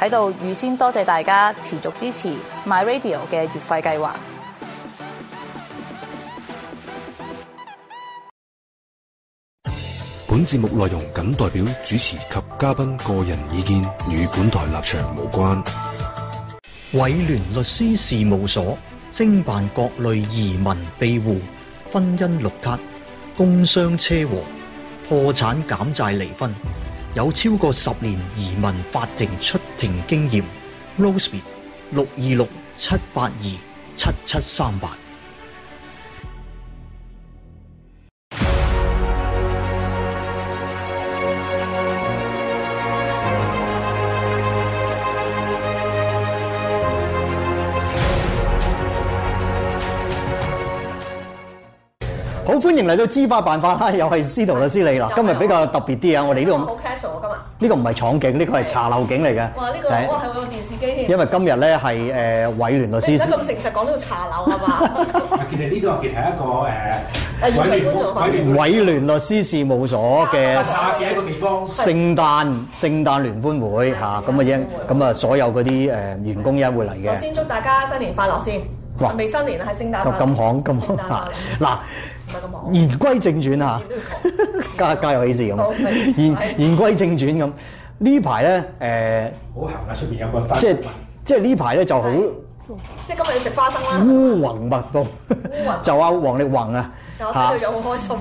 喺度預先多謝大家持續支持 MyRadio 嘅月費計劃。本節目內容僅代表主持及嘉賓個人意見，與本台立場無關。偉聯律師事務所精辦各類移民庇護、婚姻綠卡、工傷車禍、破產減債、離婚。有超過十年移民法庭出庭經驗，Roseby 六二六七八二七七三八。Roseby, 歡迎嚟到知法辦法啦！又係司徒律師你啦，今日比較特別啲啊！我哋呢個好 casual 啊，今日呢個唔係廠景，呢個係茶樓景嚟嘅。哇！呢個係個電視機。因為今日咧係誒偉聯律師，你咁誠實講呢個茶樓係嘛？其實呢張其實係一個誒，偉聯偉聯律師事務所嘅聖誕聖誕聯歡會嚇咁啊，咁啊，所有嗰啲誒員工一會嚟嘅。我先祝大家新年快樂先，未新年啦，係聖誕。咁響咁響啊！嗱。言歸正傳嚇、啊，家家有喜事。咁。言言歸正傳咁，呢排咧好行啊！出、啊啊啊欸啊、面有乜？即即係呢排咧就好，即係今日要食花生啦、啊。烏雲密布， 就阿王力宏啊，到有好開、啊啊哦吃啊、好開心。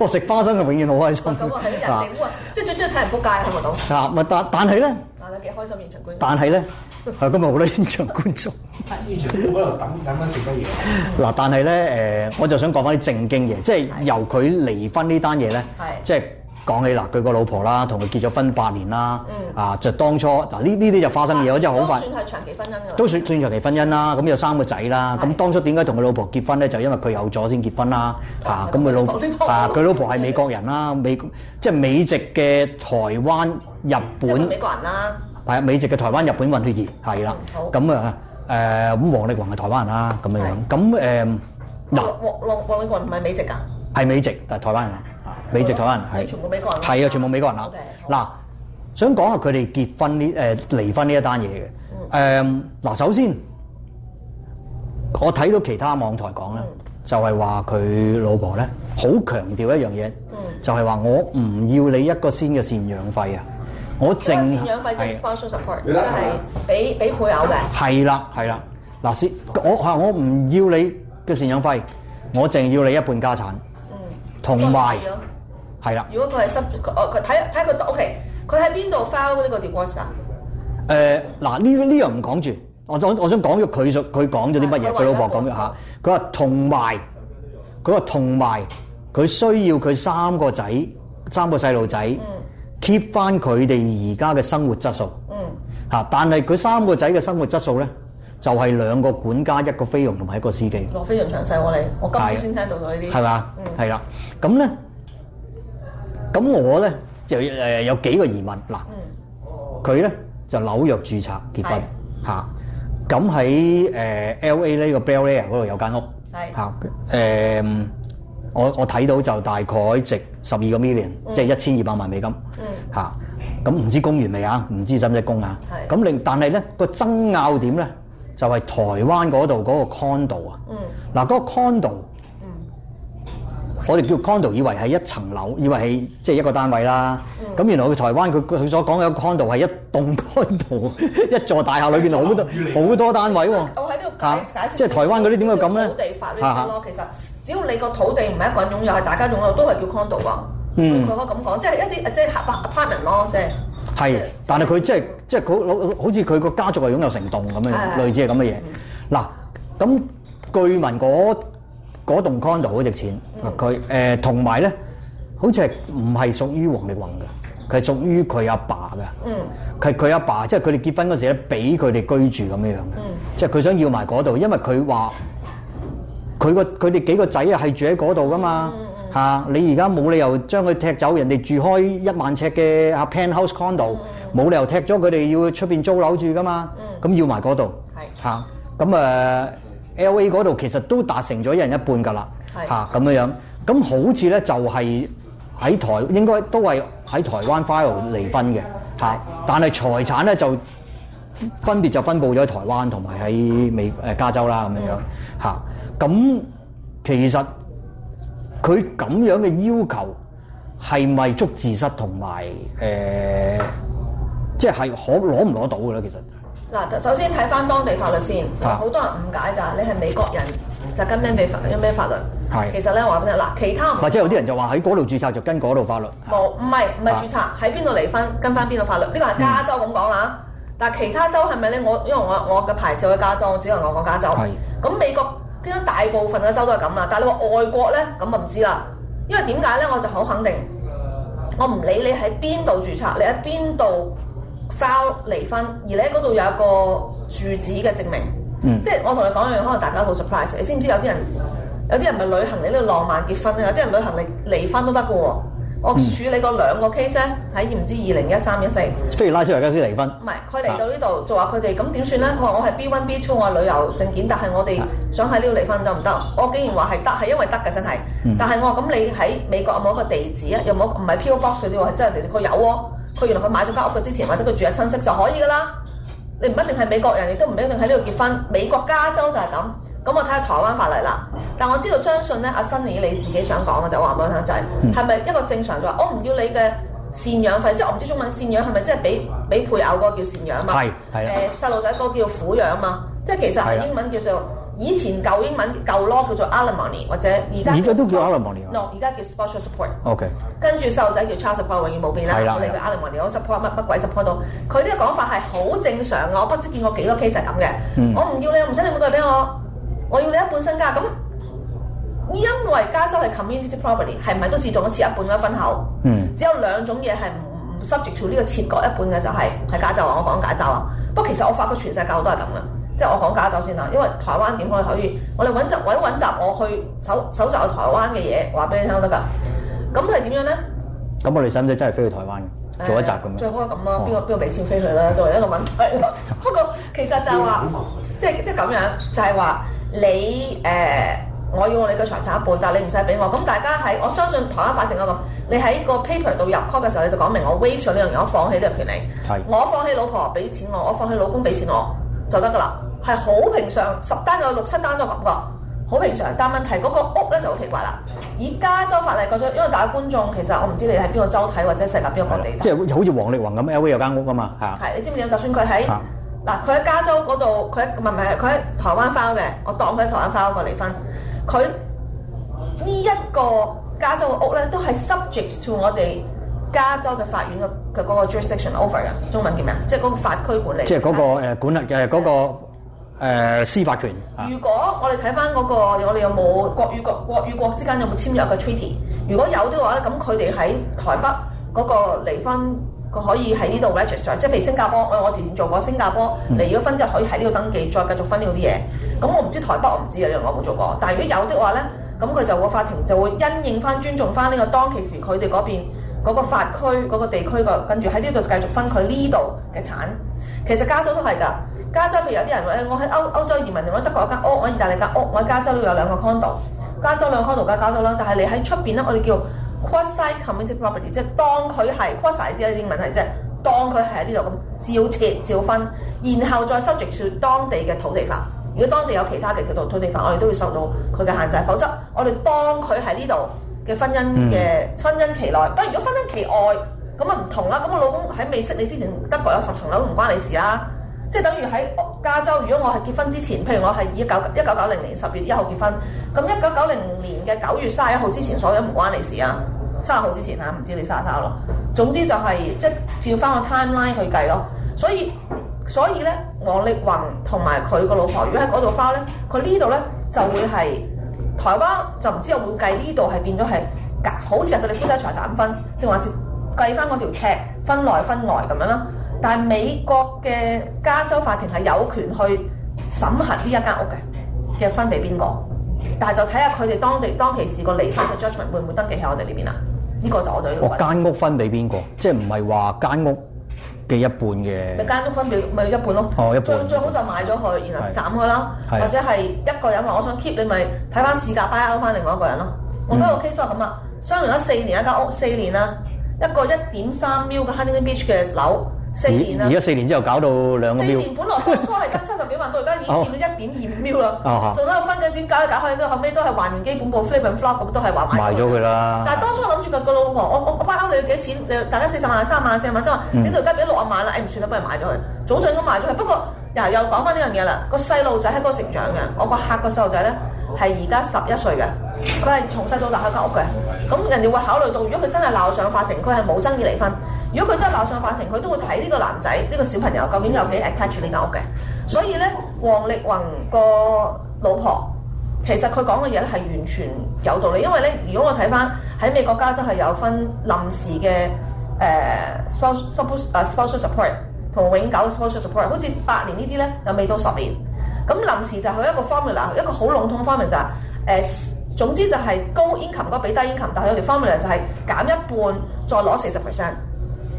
哦，食花生就永遠好開心。咁人哋即係最中意睇人撲街啊，到。嗱，咪但但係咧，心但係咧。係今日好多現場觀眾，我喺度等等緊小不二。嗱，但係咧誒，我就想講翻啲正經嘢，即係由佢離婚呢單嘢咧，即係講起啦。佢個老婆啦，同佢結咗婚八年啦，嗯、啊，就當初嗱呢呢啲就發生嘅嘢，真係好快都算係長期婚姻都算算長期婚姻啦。咁有三個仔啦。咁當初點解同佢老婆結婚咧？就因為佢有咗先結婚啦。嚇咁佢老啊，佢、啊啊、老婆係美國人啦，是美即係美籍嘅台灣日本。是美國人啦、啊。係啊，美籍嘅台灣日本混血兒，係啦。咁、嗯、啊，誒咁、嗯、王力宏係台灣人啦，咁樣樣。咁誒嗱，王王力宏唔係美籍噶，係美籍但係台灣人，嗯、美籍，美籍台灣人係、啊。全部美國人係啊，全部美國人啦。嗱，想講下佢哋結婚呢誒離婚呢一單嘢嘅。誒、嗯、嗱、嗯，首先我睇到其他網台講啦、嗯，就係話佢老婆咧好強調一樣嘢、嗯，就係、是、話我唔要你一個先嘅贍養費啊。我淨係，即係俾俾配偶嘅。係啦，係啦。嗱，先我嚇我唔要你嘅贍養費，我淨要你一半家產。嗯，同埋，係啦。如果佢係 sub，哦佢睇睇佢 OK，佢喺邊度 file 呢個 divorce 噶、呃？誒嗱，呢呢樣唔講住，我想我想講咗佢佢講咗啲乜嘢？佢老婆講咗下，佢話同埋，佢話同埋，佢需要佢三個仔三個細路仔。嗯 keep 翻佢哋而家嘅生活質素，嗯，嚇，但係佢三個仔嘅生活質素咧，就係兩個管家、一個菲傭同埋一個司機。我非常詳細，我嚟，我今朝先聽到到呢啲。係嘛，嗯，係啦，咁咧，咁我咧就誒有幾個疑問嗱，佢咧就紐約註冊結婚，嚇，咁喺誒 L A 呢個 Bel Air 嗰度有間屋，係嚇，誒。我我睇到就大概值十二個 million，即係一千二百萬美金。嗯，咁、嗯、唔、嗯、知供完未啊？唔知使唔使供啊？咁另但係咧、嗰個爭拗點咧，就係、係、台灣嗰度嗰個 condo、嗯、啊。嗯，嗱嗰個 condo。我哋叫 condo，以為係一層樓，以為係即係一個單位啦。咁、嗯、原來佢台灣佢佢所講嘅 condo 係一棟 condo，一座大廈裏邊好多好、嗯、多單位喎。我喺呢度解釋、啊、解釋，即係台灣嗰啲點解咁咧？土地法呢啲咯，其實只要你個土地唔係一個人擁有，係大家擁有，都係叫 condo 係啊。嗯，佢可以咁講，即係一啲即係 apartment 咯，即係、就是。係、就是，但係佢即係即係好似佢個家族係擁有成棟咁樣、啊，類似係咁嘅嘢。嗱、嗯，咁、啊、據聞嗰嗰棟 condo 好值錢。佢誒同埋咧，好似係唔係屬於王力宏嘅？佢係屬於佢阿爸嘅。嗯。係佢阿爸，即係佢哋結婚嗰時咧，俾佢哋居住咁樣樣嘅。嗯。即係佢想要埋嗰度，因為佢話佢個佢哋幾個仔啊係住喺嗰度噶嘛。嗯嗯。嚇！你而家冇理由將佢踢走，人哋住開一萬尺嘅啊 penthouse condo，冇理由踢咗佢哋要出面租樓住噶嘛。嗯。咁要埋嗰度。係。嚇！咁誒，L A 嗰度其實都達成咗一人一半㗎啦。吓咁樣樣，咁好似咧就係喺台，應該都係喺台灣 file 離婚嘅吓，但係財產咧就分別就分佈咗喺台灣同埋喺美，誒加州啦咁樣、嗯、樣吓，咁其實佢咁樣嘅要求係咪足自失同埋誒，即係可攞唔攞到嘅咧？其實嗱、欸，首先睇返當地法律先，好多人誤解咋，你係美國人。就跟咩法律？跟咩法律？係。其實咧，話俾你聽，嗱，其他或者有啲人就話喺嗰度註冊就跟嗰度法律。冇，唔係唔係註冊，喺邊度離婚跟翻邊度法律？呢、這個係加州咁講啦。但係其他州係咪咧？我因為我的子我嘅牌照係加州，只能我講加州。係。咁、嗯、美國基本上大部分嘅州都係咁啦。但係你話外國咧，咁就唔知啦。因為點解咧？我就好肯定，我唔理你喺邊度註冊，你喺邊度 file 離婚，而你喺嗰度有一個住址嘅證明。嗯、即係我同你講一樣，可能大家好 surprise。你知唔知有啲人有啲人唔係旅行嚟呢度浪漫結婚咧？有啲人旅行嚟離婚都得㗎喎。我處理過兩個 case 咧，喺唔知二零一三一四，不如拉出嚟先離婚。唔係佢嚟到呢度就話佢哋咁點算咧？我話我係 B one B two，我係旅遊證件，但係我哋想喺呢度離婚得唔得？我竟然話係得，係因為得㗎，真係、嗯。但係我話咁，你喺美國有冇一個地址，有個地址有啊？又冇唔係 P.O. box 嗰啲喎，真係佢有喎。佢原來佢買咗間屋嘅之前，或者佢住喺親戚就可以㗎啦。你唔一定係美國人，亦都唔一定喺呢度結婚。美國加州就係咁，咁我睇下台灣法例啦。但我知道，相信咧，阿辛尼，你自己想講嘅就係話冇仔，係、嗯、咪一個正常嘅話？我唔要你嘅贍養費，即係我唔知道中文贍養係咪即係俾俾配偶嗰個叫贍養嘛？係係啊，誒細路仔嗰個叫做撫養嘛，即係其實係英文叫做。以前舊英文舊 law 叫做 alimony 或者而家都叫 alimony，no 而家叫 spousal support。OK，跟住細路仔叫 child support 永遠冇變啦。係啦，我哋叫 alimony，我 support 乜乜鬼 support 到？佢呢個講法係好正常㗎，我不知見過幾多 case 係咁嘅。我唔要你，我唔使你每個月俾我，我，我，我要你一半身家。咁因為加州係 community property，係唔係都自動一次一半一分口？嗯，只有兩種嘢係唔 subject to 呢個切割一半嘅，就係係加州啊，我講緊加州啊。不過其實我發覺全世界好多係咁嘅。即係我講假酒先啦，因為台灣點可以可以，我哋揾集揾揾集，我去搜蒐集台灣嘅嘢，話俾你聽得㗎。咁係點樣咧？咁我哋使唔使真係飛去台灣、哎、做一集咁啊？最好咁啦、啊，邊個邊個俾錢飛去啦？作為一個問題。不 過其實就話， 即係即係咁樣，就係、是、話你誒、呃，我要我哋嘅財產一半，但係你唔使俾我。咁大家喺我相信台灣法庭嗰度，你喺個 paper 度入 court 嘅時候，你就講明我 waive 呢樣嘢，我放棄呢個權利。係。我放棄老婆俾錢我，我放棄老公俾錢我就得㗎啦。係好平常，十單有六七單都係咁嘅，好平常。但問題嗰、嗰個屋咧就好奇怪啦。以加州法例講咗，因為大家的觀眾其實我唔知你喺邊個州睇或者係世界邊個國地，即係好似、就是、王力宏咁，LV 有間屋啊嘛，係啊。你知唔知就算佢喺嗱，佢喺加州嗰度，佢唔係唔係佢喺台灣花屋嘅，我當佢喺台灣花屋個離婚。佢呢一個加州嘅屋咧，都係 subject to 我哋加州嘅法院嘅嗰個 jurisdiction over 啊。中文叫咩啊？即係嗰個法區管理，即係嗰個誒管轄嘅嗰個。誒、呃、司法權。如果我哋睇翻嗰個，我哋有冇國與國、國與國之間有冇簽約嘅 treaty？如果有嘅話咧，咁佢哋喺台北嗰個離婚，佢可以喺呢度 register。即係譬如新加坡，我我之前做過，新加坡離咗婚之後可以喺呢度登記，再繼續分呢啲嘢。咁我唔知台北我唔知啊，因為我冇做過。但係如果有的話咧，咁佢就個法庭就會因應翻尊重翻呢個當其時佢哋嗰邊嗰個法區嗰、嗰個地區個，跟住喺呢度繼續分佢呢度嘅產。其實加州都係㗎。加州譬如有啲人話，誒，我喺歐歐洲移民，我喺德國有間屋，我喺意大利間屋，我喺加州都有兩個 condo，加州兩個 condo 加加州啦。但係你喺出邊咧，我哋叫 quasi community property，即係當佢係 quasi，知呢啲問題啫。當佢係喺呢度咁照斜照分，然後再收集住當地嘅土地法。如果當地有其他嘅條度土地法，我哋都會受到佢嘅限制。否則，我哋當佢喺呢度嘅婚姻嘅、嗯、婚姻期內，但如果婚姻期外，咁啊唔同啦。咁我老公喺未識你之前德國有十層樓，唔關你事啦。即係等於喺加州，如果我係結婚之前，譬如我係一九一九九零年十月一號結婚，咁一九九零年嘅九月三十一號之前所有唔關你事啊！三十號之前嚇，唔知你沙唔沙咯？總之就係、是、即係照翻個 timeline 去計咯。所以所以咧，王力宏同埋佢個老婆，如果喺嗰度花咧，佢呢度咧就會係台灣就唔知會計呢度係變咗係好似佢哋夫妻財產分，即係話計翻嗰條尺分內分外咁樣啦。但係美國嘅加州法庭係有權去審核呢一間屋嘅嘅分俾邊個？但係就睇下佢哋當地當其時個離婚嘅 judgment 會唔會登記喺我哋呢邊啊？呢、這個就我就要揾間屋分俾邊個，即係唔係話間屋嘅一半嘅？間屋分俾咪一,一半咯，哦、一半最最好就買咗佢，然後斬佢啦，或者係一個人話我想 keep 你，咪睇翻市價 buy 翻另外一個人咯。嗯、我個 case 咁啊，相連咗四年一間屋四年啦、啊，一個一點三 million 嘅 Huntington Beach 嘅樓四年啦，而家四年之後搞到兩個。四年本來當初係得七十幾萬，到而家已經跌到一點二五 mill 啦。仲喺度分緊點，搞嚟搞去都後尾都係還原基本步 flip and flop 咁，都係還埋。賣咗佢啦。但係當初諗住個個老婆，我我包你幾錢？你大家四十萬、三萬、四萬，即係話整到而家變六十萬啦。誒唔算啦，不如買咗佢，早早都賣咗佢。不過又講翻呢樣嘢啦，個細路仔喺嗰度成長嘅，我個客個細路仔咧。係而家十一歲嘅，佢係從細到大喺間屋嘅，咁人哋會考慮到，如果佢真係鬧上法庭，佢係冇爭議離婚；如果佢真係鬧上法庭，佢都會睇呢個男仔呢、呢個小朋友究竟有幾 attach 住呢間屋嘅。所以咧，王力宏個老婆其實佢講嘅嘢咧係完全有道理，因為咧，如果我睇翻喺美國家真係有分臨時嘅誒 spouse support，spouse support 同永久嘅 spouse support，好似八年呢啲呢啲咧又未到十年。咁臨時就去一個 formula a 一個好籠統嘅 formula 就係、是，誒總之就係高 income 嘅比低 income，但係有條 formula 就係減一半再攞四十 percent，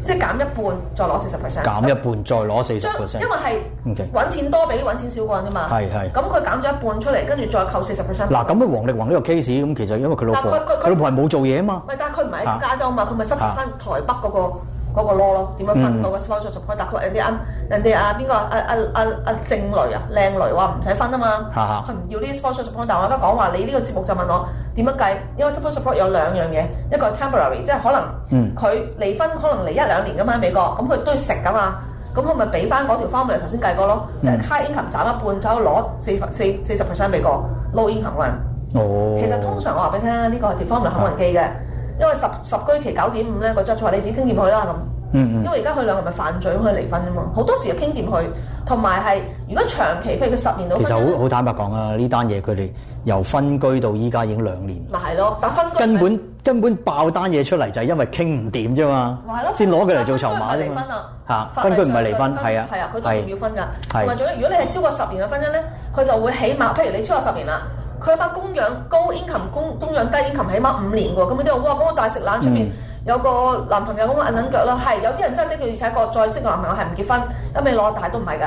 即係減一半再攞四十 percent。減一半再攞四十 percent。因為係揾錢多畀揾錢少個人啊嘛。係係。咁佢減咗一半出嚟，跟住再扣四十 percent。嗱，咁咩王力宏呢個 case 咁，其實因為佢老婆，佢老婆係冇做嘢啊嘛。咪但係佢唔係喺加州嘛，佢咪收翻台北嗰、那個。嗰、那個 law 咯，點樣分嗰、嗯啊、個 spousal support？但係人哋啱，人哋啊邊個啊啊啊啊正雷啊靚雷話唔使分啊嘛，佢唔要呢 spousal support。但係我都講話，你呢個節目就問我點樣計，因為 spousal support, support 有兩樣嘢，一個 temporary，即係可能佢離婚可能離一兩年㗎嘛，美國咁佢、嗯嗯、都要食㗎嘛，咁我咪俾翻嗰條 formula 頭先計過咯，即、嗯、係 high、就是、income、嗯、斬一半，就攞四四四十 percent 俾個 low income 哦，其實通常我話俾你聽呢個 formula 好難記嘅。嗯因為十十居期九點五咧個質素，你自己傾掂佢啦咁。嗯嗯。因為而家佢兩係咪犯罪咁去離婚啫嘛，好多時候要傾掂佢。同埋係如果長期，譬如佢十年到。其實好好坦白講啊，呢單嘢佢哋由分居到依家已經兩年。咪係咯，但分居根本根本爆單嘢出嚟就係因為傾唔掂啫嘛。係咯。先攞佢嚟做籌碼啫離婚啦。嚇、啊，分居唔係離婚，係啊。係啊，佢仲要分㗎。係。同埋仲有，如果你係超過十年嘅婚姻咧，佢就會起碼，譬如你超過十年啦。佢係把供養高 income，供供養低 income，起碼五年喎。咁有都有哇，咁、那、我、個、大食懶出面有個男朋友咁揞揞腳啦。係有啲人真係的確，而且再識個男朋友係唔結婚都未攞，因為大都唔係㗎。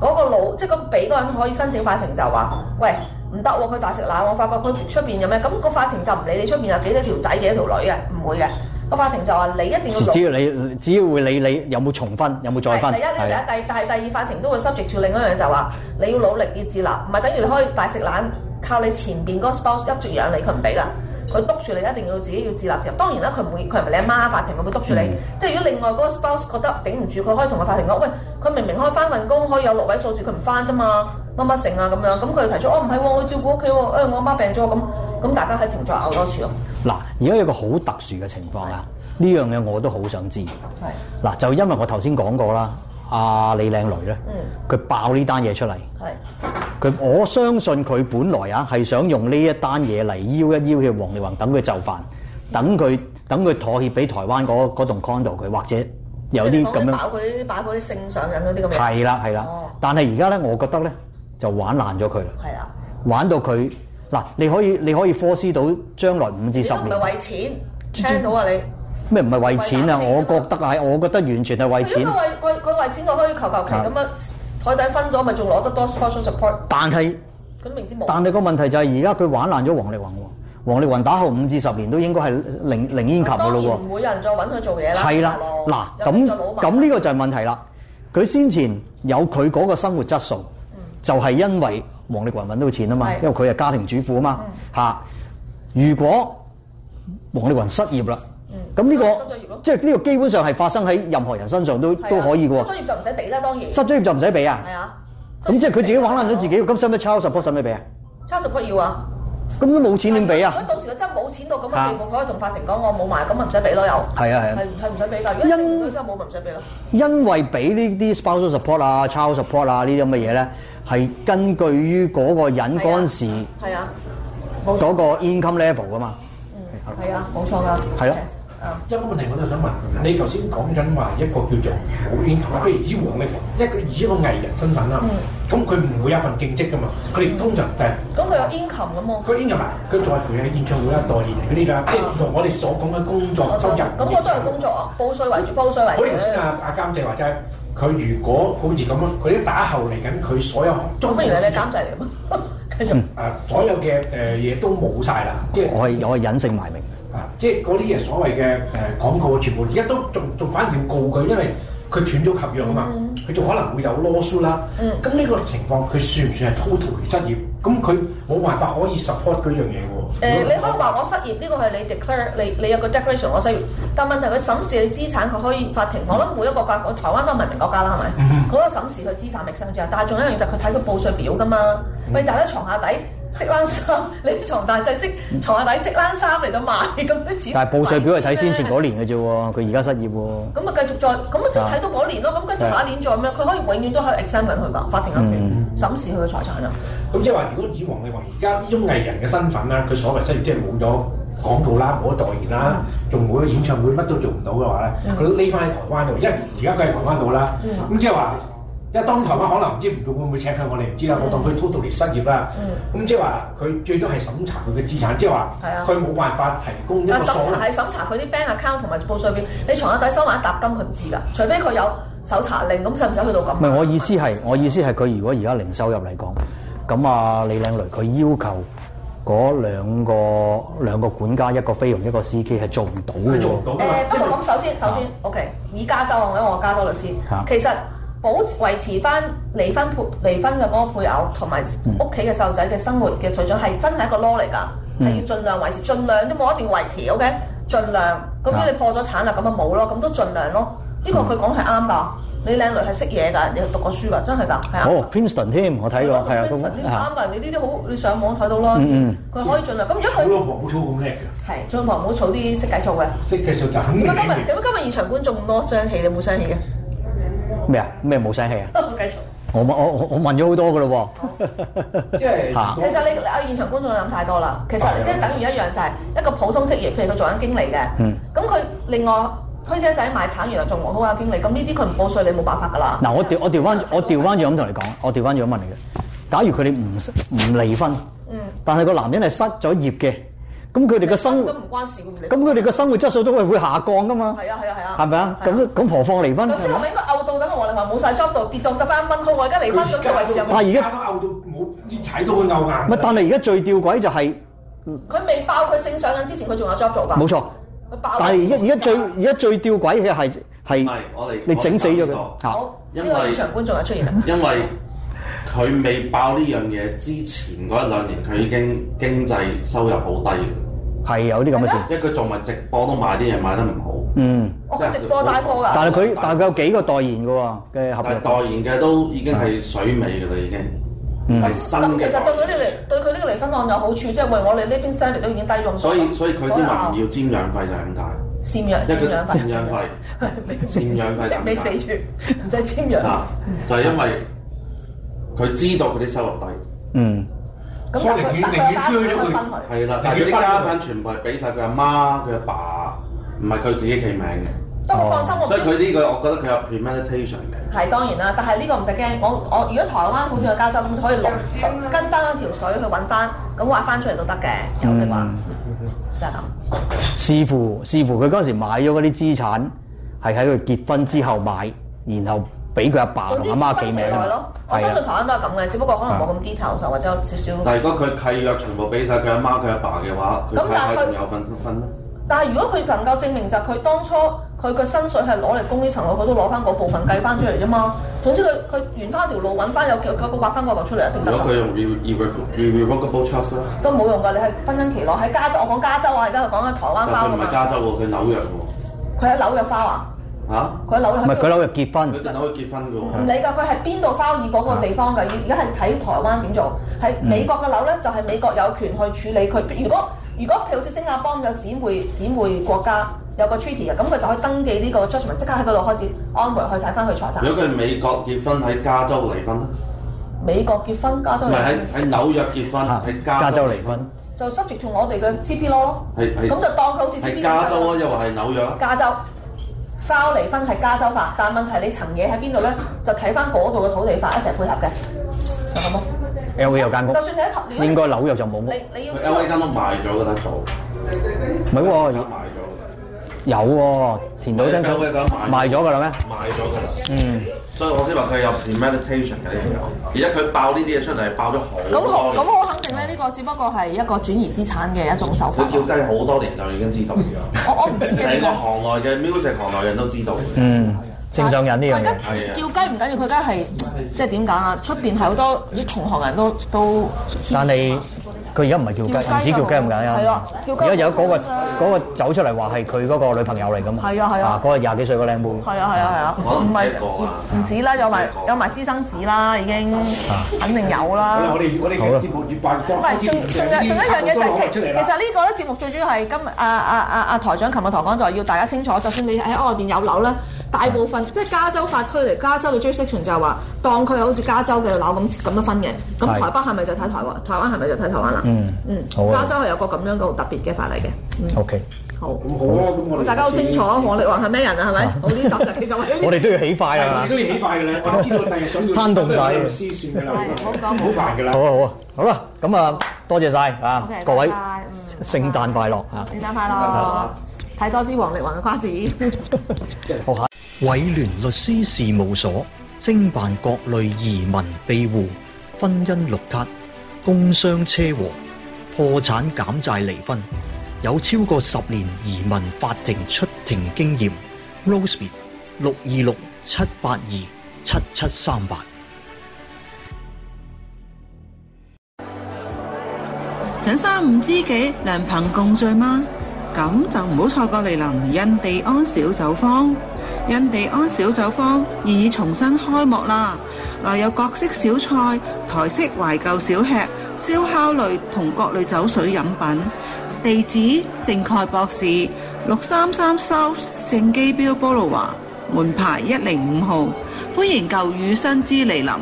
嗰、那個老即係咁俾個人可以申請法庭就話，喂唔得喎，佢大食懶，我發覺佢出面有咩？咁、那個法庭就唔理你出面有幾多條仔幾多條女嘅，唔會嘅。個法庭就話：你一定要只要你只要會你你有冇重婚，有冇再婚，第一，第一，第但第二法庭都會 subject to 另一樣就話你要努力要自立，唔係等於你可以大食懶，靠你前邊嗰個 spouse 撻住養你，佢唔俾噶，佢督住你一定要自己要自立自立。當然啦，佢唔會，佢唔係你阿媽法庭，佢會督住你。即係如果另外嗰、嗰個 spouse 覺得頂唔住，佢可以同個法庭講：喂，佢明明可以翻份工，可以有六位數字，佢唔翻啫嘛，乜乜成啊咁樣？咁佢就提出：哦，唔係喎，我照顧屋企喎，誒、哎，我阿媽病咗，咁、嗯、咁、嗯、大家喺庭再拗多次咯、哦。嗱，而家有個好特殊嘅情況啊！呢樣嘢我都好想知。係。嗱，就因為我頭先講過啦，阿、啊、李靚蕾咧，佢、嗯、爆呢單嘢出嚟。係。佢我相信佢本來啊係想用呢一單嘢嚟邀一邀佢王力宏，等佢就範，嗯、等佢等佢妥協俾台灣嗰棟 condo 佢，或者有啲咁樣。搞嗰啲把啲性上癮嗰啲咁嘅。係啦係啦。但係而家咧，我覺得咧就玩爛咗佢啦。係啦。玩到佢。嗱，你可以你可以 force 到將來五至十年，都唔係為錢，聽到啊你咩唔係為錢啊？我覺得啊，我覺得完全係為錢。佢為佢為錢，我可以求求其咁樣，台底分咗，咪仲攞得多。但係佢明知冇。但係個問題就係而家佢玩爛咗王力宏喎，王力宏打後五至十年都應該係零零煙球嘅咯喎。當然冇人再揾佢做嘢啦。係啦，嗱咁咁呢個就係問題啦。佢先前有佢嗰個生活質素，嗯、就係、是、因為。王力宏揾到錢啊嘛，係啊因為佢係家庭主婦啊嘛、嗯、如果王力宏失業啦，咁、嗯、呢、呢個即係呢個基本上係發生喺任何人身上都、啊、都可以嘅喎。失咗業就唔使俾啦，當然。失咗業就唔使俾啊。係啊。咁即係佢自己玩爛咗自己，咁收唔收 support，使唔使俾啊？收、嗯、support, support 要，要，要，support 要 support? 啊。咁都冇錢點俾啊？如果到時佢真冇錢到咁嘅地步，佢可以同法庭講我冇埋，咁咪唔使俾咯又。係啊係。啊，係唔使俾㗎。如果真係冇咪唔使俾咯。因為俾呢啲 spousal support 啊、child support 啊呢啲咁嘅嘢咧。係根據於嗰個人嗰陣時，係啊，嗰個 income level 噶、啊那個、嘛，嗯，係啊，冇錯噶，係咯、啊。一個問題我就想問，你頭先講緊話一個叫做冇 income，譬如以王力宏，一個以一個藝人身份啦，咁佢唔會有份正職噶嘛？佢哋通常就係、是？咁、嗯、佢、嗯、有 income 噶麼？佢 income 啊！佢在乎嘅演唱會啊、代言嗰啲啦，即、就、係、是、我哋所講嘅工作收入。咁我都係工作啊，報、就、稅、是、為主，報稅為主。頭先啊，阿監製話齋，佢如果好似咁樣，佢啲打後嚟緊，佢所有中意嚟嘅監製嚟噶嘛？誒，所有嘅誒嘢都冇晒啦，即係我係我係隱姓埋名。啊、即係嗰啲嘢所謂嘅誒、呃、廣告，全部而家都仲仲反而要告佢，因為佢斷咗合約啊嘛，佢、mm、仲 -hmm. 可能會有 loss 啦。咁呢個情況，佢算唔算係 total 嘅失業？咁佢冇辦法可以 support 嗰樣嘢嘅喎。你可以話我失業，呢、呢個係你 declare 你你有個 declaration 我失業，但問題佢審視你資產，佢可以法庭。Mm -hmm. 我諗每一個國家，台灣都係文明國家啦，係咪？嗰、mm、個 -hmm. 審視佢資產係新唔新？但係仲有一樣就係佢睇佢報稅表㗎嘛，喂，大家床下底。積冷衫，你啲床大就係積牀下底，積冷衫嚟到賣，咁啲錢。但係報稅表係睇先前嗰年嘅啫喎，佢而家失業喎。咁啊，繼續再，咁啊就睇到嗰年咯。咁跟住下一年再咩？佢可以永遠都可以 examine 佢嘛，法庭，嗯嗯，審視佢嘅財產啊。咁即係話，如果以王力宏而家呢種藝人嘅身份咧，佢所謂失業即係冇咗廣告啦，冇咗代言啦，仲冇咗演唱會，乜都做唔到嘅話咧，佢匿翻喺台灣度，因為而家佢喺台灣度啦。咁即係話。因為當年台灣可能唔知唔總會唔會請佢，我哋唔知啦。我當佢 total 嚟失業啦。咁、嗯嗯、即係話佢最多係審查佢嘅資產，即係話佢冇辦法提供一。啊，審查係審查佢啲 bank account 同埋報稅表。你牀下底收埋一沓金，佢唔知噶。除非佢有搜查令，咁使唔使去到咁？唔係我意思係，我意思係佢如果而家零收入嚟講，咁啊李靚蕾佢要求嗰兩個兩個管家、一個菲傭、一個司 K 係做唔到嘅。做唔到，不過咁首先首先、啊、O、okay, K，以加州啊，因為我加州律師，啊、其實。保持維持翻離婚配離婚嘅嗰個配偶同埋屋企嘅細路仔嘅生活嘅，水準係真係一個 law 嚟㗎，係、嗯、要盡量維持，盡量即冇一定維持，O、okay? K，盡量。咁如果你破咗產啦，咁咪冇咯，咁都盡量咯。呢、這個佢講係啱㗎。你靚女係識嘢㗎，你讀過書㗎，真係㗎。好、哦、，Princeton 添，我睇過，係、嗯、啊，都啱㗎。你呢啲好，你上網睇到啦。佢、嗯、可以盡量。咁如果佢張床好儲咁叻嘅，係張床冇儲啲識計數嘅，識計數就肯定。咁今日咁今日現場觀眾咁多聲氣，你有冇聲氣嘅？咩啊？咩冇聲氣啊？冇計，我我我問咗好多㗎咯喎。其實你你啊現場觀眾諗太多啦。其實即係等於一樣，就係、是、一個普通職業，譬如佢做緊經理嘅。咁、嗯、佢另外推車仔買產，原來做黃好客經理。咁呢啲佢唔報稅，你冇辦法噶啦。嗱、啊，我調我調翻我調翻咁同你講，我調翻咁問你嘅。假如佢哋唔唔離婚，嗯、但係個男人係失咗業嘅。咁佢哋嘅生活，咁佢哋嘅生活質素都係會下降噶嘛？係啊係啊係啊！係咪啊？咁咁、啊啊啊、何況離婚咧？咁後面應該到咁王力宏冇晒 job 做，跌到十塊蚊號或者家離婚，咁再維持，但係而家到冇，你睇到佢嘔眼。咪但係而家最吊詭就係佢未爆佢性上癮之前，佢仲有 job 做噶。冇錯，佢爆佢爆，但係而家最而家最吊詭嘅係係你整死咗佢，因為場觀眾又出現。因為佢未爆呢樣嘢之前嗰一兩年，佢已經經濟收入好低。係有啲咁嘅事，一個做埋直播都買啲嘢賣得唔好。嗯，即係直播帶貨噶。但係佢但係佢有幾個代言㗎喎嘅合作。係代言嘅都已經係水尾㗎啦，已經係新。咁其實對佢呢離對佢呢個離婚案有好處，即係為我哋 living salary 都已經低咗好多。所以所以佢先話唔要贍養費就係咁解。贍養一個養費。贍養，養費。贍養費未死住，唔使贍養。養就係因為佢知道佢啲收入低。嗯。咁嚟遠遠遠追咗佢分佢，係啦，但係啲家產全部係俾晒佢阿媽、佢阿爸，唔係佢自己起名嘅，都不放心。哦、所以佢呢個我覺得佢有 premeditation 嘅。係當然啦，但係呢個唔使驚。我我如果台灣好似個加州咁，可以攞跟翻條水去揾翻，咁挖翻出嚟都得嘅。有你話，真係咁？視乎視乎佢嗰陣時買咗嗰啲資產係喺佢結婚之後買，然後。俾佢阿爸阿媽記名咯，我相信台灣都係咁嘅，只不過可能冇咁 d e t 或者有少少。但係如果佢契約全部俾晒佢阿媽佢阿爸嘅話，咁但係佢有份分咧。但係如果佢能夠證明就佢當初佢嘅薪水係攞嚟供呢層樓，佢都攞翻嗰部分計翻出嚟啫嘛。總之佢佢完翻條路揾翻有叫佢劃翻個落出嚟，一定如果佢用 r e v i v 都冇用㗎，你係婚姻期內喺加州，我講加州啊，而家講緊台灣。花係唔係加州喎，佢紐約喎。佢喺紐約花環。吓、啊！佢樓唔係佢紐約結婚，佢樓紐約結婚嘅喎。唔理㗎，佢係邊度翻？二嗰個地方㗎，而家係睇台灣點做。喺美國嘅樓咧、嗯，就係、是、美國有權去處理佢。如果如果譬如好似新加坡咁有姊妹姊妹國家，有個 treaty 咁佢就可以登記呢個 judgment，即刻喺嗰度開始安排去睇翻去財產。如果佢係美國結婚喺加州離婚咧？美國結婚，加州喺喺紐約結婚喺、啊、加州離婚，就直接從我哋嘅 CPL 咯。係咁就當佢好似加州啊，又或係紐約加州。包離婚係加州法，但問問題是你層嘢喺邊度咧？就睇翻嗰度嘅土地法一齊配合嘅，明白冇？L V 有間屋，就算你一套，應該紐約就冇屋。L V 間屋賣咗，得唔得做？唔係喎，而家賣咗。有喎、啊，填到真走嘅賣咗噶啦咩？賣咗噶啦，嗯，所以我先話佢有 premeditation 嘅一而家佢爆呢啲嘢出嚟，爆咗好多咁好，咁好肯定咧，呢、呢個只不過係一個轉移資產嘅一種手法。佢叫雞好多年，就已經知道嘅。我我唔知成個行內嘅 music 行內人都知道。嗯，正常人呢樣。叫雞唔緊要，佢梗係即係點講啊？出面係好多啲同行人都都。都但係。佢而家唔係叫雞，唔止叫雞唔解、那個、啊！啊，而家有嗰個走出嚟話係佢嗰個女朋友嚟㗎嘛。咁，啊嗰個廿幾歲個靚妹，係啊係啊係啊，唔係唔止啦，啊、有埋、啊、有埋私生子啦，已經肯定有啦。咁咪仲仲有仲、啊啊、一樣嘢就係，其實呢個咧節目最主要係今啊啊啊,啊台長琴日台講就係要大家清楚，就算你喺外邊有樓咧，大部分即係、就是、加州法區嚟，加州嘅 jurisdiction 就係話當佢好似加州嘅樓咁咁樣分嘅，咁、啊、台北係咪就睇台灣？台灣係咪就睇台灣樓？嗯嗯，加州係有個咁樣嘅好特別嘅法例嘅。嗯、o、okay、K，好，咁好啊，咁我大家好清楚，王力宏係咩人是是啊？係咪？我哋都要起快啊！我哋都要起快嘅啦， 我知道我第日想要攤動曬律師算嘅啦，好講好煩嘅啦。好啊好啊，好啦，咁啊，多謝晒啊，okay，各位聖誕快樂啊！聖誕快樂，睇多啲王力宏嘅瓜子， 好，下偉聯律師事務所精辦各類移民庇護、婚姻綠卡。工傷車禍、破產減債、離婚，有超過十年移民法庭出庭經驗。Rosebud 六二六七八二七七三八，想三五知己良朋共聚嗎？咁就唔好錯過嚟臨印地安小酒坊。印第安小酒坊現已重新開幕啦！內有各式小菜、台式懷舊小吃、燒烤類同各類酒水飲品。地址：聖蓋博士六三三收聖基表波羅華門牌一零五號。歡迎舊雨新知嚟臨。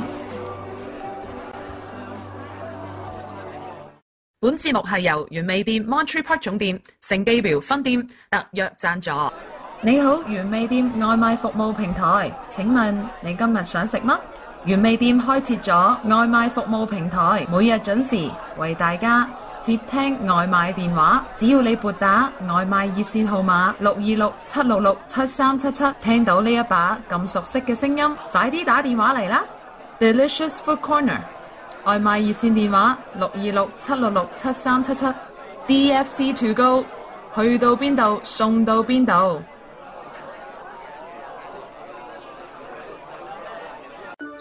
本節目係由完美店 Monterey Park 總店聖基表分店特約讚助。你好，原味店外賣服務平台，請問你今日想食乜？原味店開設咗外賣服務平台，每日準時為大家接聽外賣電話。只要你撥打外賣熱線號碼六二六七六六七三七七，聽到呢一把咁熟悉嘅聲音，快啲打電話嚟啦！Delicious Food Corner，外賣熱線電話六二六七六六七三七七，DFC To Go，去到邊度，送到邊度。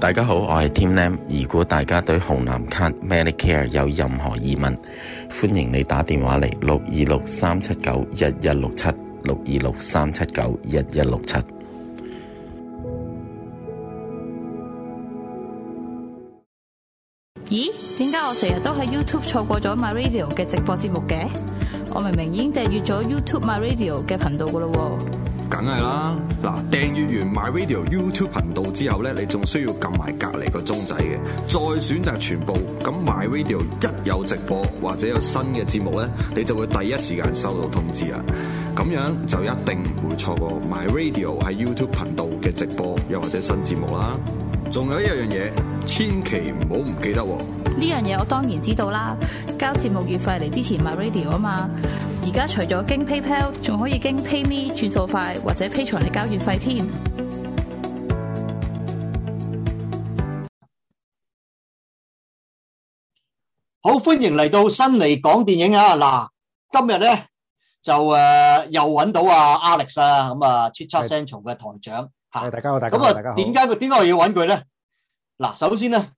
大家好，我是 Tim Lam。如果大家對紅藍卡 Medicare 有任何疑問，歡迎你打電話嚟六二六三七九一一六七六二六三七九一一六七。咦？點解我成日都喺 YouTube 錯過咗 My Radio 嘅直播節目嘅？我明明已經訂閱咗 YouTube My Radio 嘅頻道噶啦喎。梗係啦，嗱，訂閲完 My Radio YouTube 頻道之後咧，你仲需要撳埋隔離個鐘仔嘅，再選擇全部，咁 My Radio 一有直播或者有新嘅節目咧，你就會第一時間收到通知啊！咁樣就一定唔會錯過 My Radio 喺 YouTube 頻道嘅直播又或者新節目啦。仲有一樣嘢，千祈唔好唔記得喎。呢樣嘢我當然知道啦，交節目月費嚟支持 My Radio 啊嘛。而家除咗經 PayPal，仲可以經 PayMe 轉數快，或者 Patreon 嚟交月費添。好，歡迎嚟到新嚟講電影啊！嗱，今日咧就誒又揾到阿 Alex 啊，咁啊 Central 嘅台長嚇。大家好，大家好。咁啊，點解佢點解我要揾佢咧？嗱，首先咧。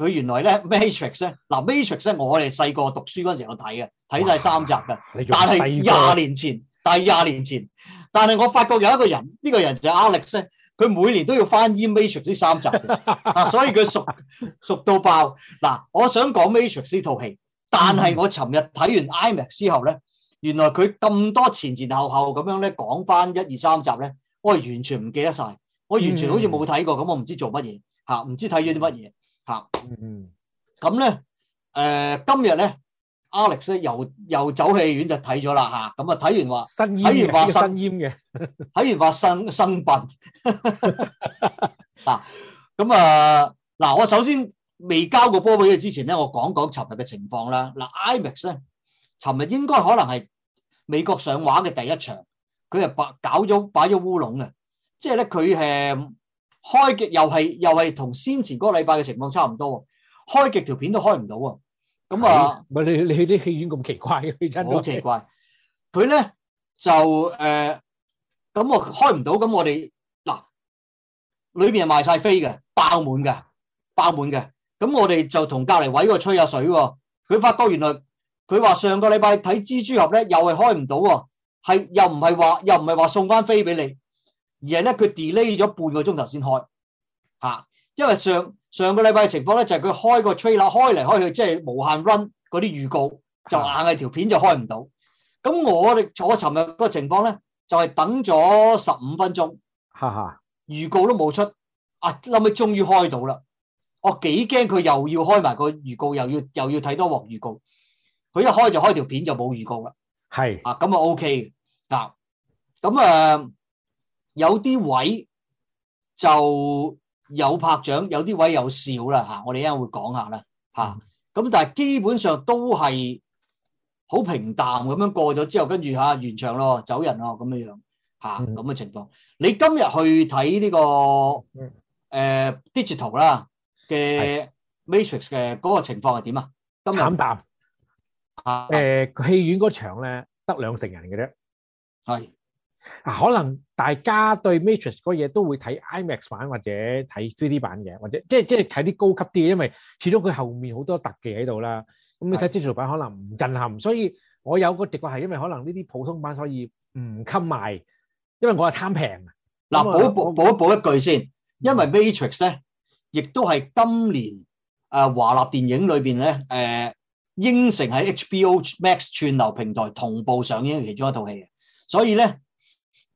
佢原來咧《Matrix》咧，嗱《Matrix》咧，我哋細個讀書嗰陣時有睇嘅，睇晒三集嘅。但係廿年前，但係廿年前，但係我發覺有一個人，呢、這個人就是 Alex 咧，佢每年都要翻依《Matrix》呢三集，嗱、 啊，所以佢熟熟到爆。嗱、啊，我想講《Matrix》呢套戲，但係我尋日睇完《IMAX》之後咧，原來佢咁多前前後後咁樣咧講翻一二三集咧，我係完全唔記得晒，我完全好似冇睇過咁，嗯嗯我唔知做乜嘢嚇，唔、啊、知睇咗啲乜嘢。嗯嗯，咁咧，誒、呃、今日咧，Alex 又又走戲院就睇咗啦嚇，咁啊睇、啊、完話，睇完話生煙嘅，睇完話新生笨，嗱、 啊，咁啊嗱、啊啊啊啊，我首先未交過波俾佢之前咧，我講講尋日嘅情況啦。嗱、啊、IMAX 咧，尋日應該可能係美國上畫嘅第一場，佢係白搞咗擺咗烏龍嘅，即係咧佢係。開極又係又係同先前嗰個禮拜嘅情況差唔多，開極條片都開唔到啊！咁啊，唔係你你去啲戲院咁奇怪嘅，你真係好奇怪。佢咧就誒，咁、呃、我開唔到，咁我哋嗱裏邊係賣晒飛嘅，爆滿嘅，爆滿嘅。咁我哋就同隔籬位個吹下水。佢發覺原來佢話上個禮拜睇蜘蛛俠咧又係開唔到，係又唔係話又唔係話送翻飛俾你。而係咧，佢 delay 咗半個鐘頭先開、啊，因為上上個禮拜嘅情況咧，就係、是、佢開個 trailer，開嚟開去，即係無限 run 嗰啲預告，就硬係條片就開唔到。咁我哋坐尋日嗰個情況咧，就係、是、等咗十五分鐘，哈哈，預告都冇出。啊，諗起終於開到啦！我幾驚佢又要開埋個預告，又要又要睇多鑊預告。佢一開就開條片就冇預告啦，係啊，咁啊 OK 嘅嗱，咁啊。有啲位就有拍掌，有啲位有笑啦吓。我哋一陣會講下啦吓。咁但係基本上都係好平淡咁樣過咗之後，跟住吓完場咯，走人咯咁樣樣吓咁嘅情況。嗯、你今日去睇呢、呢個誒、呃、digital 啦嘅 matrix 嘅嗰個情況係點啊？今日慘淡誒，戲院嗰場咧得兩成人嘅啫，係。啊、可能大家對 Matrix 嗰嘢都會睇 IMAX 版或者睇 3D 版嘅，或者，看或者即係即係睇啲高級啲嘅，因為始終佢後面好多特技喺度啦。咁你睇正常版可能唔震撼，所以我有個直覺係因為可能呢啲普通版所以唔禁賣，因為我係貪平嗱，補、啊嗯、一補補一補一句先，因為 Matrix 咧，亦都係今年誒華納電影裏邊咧，誒、啊、應承喺 HBO Max 串流平台同步上映嘅其中一套戲嘅，所以咧。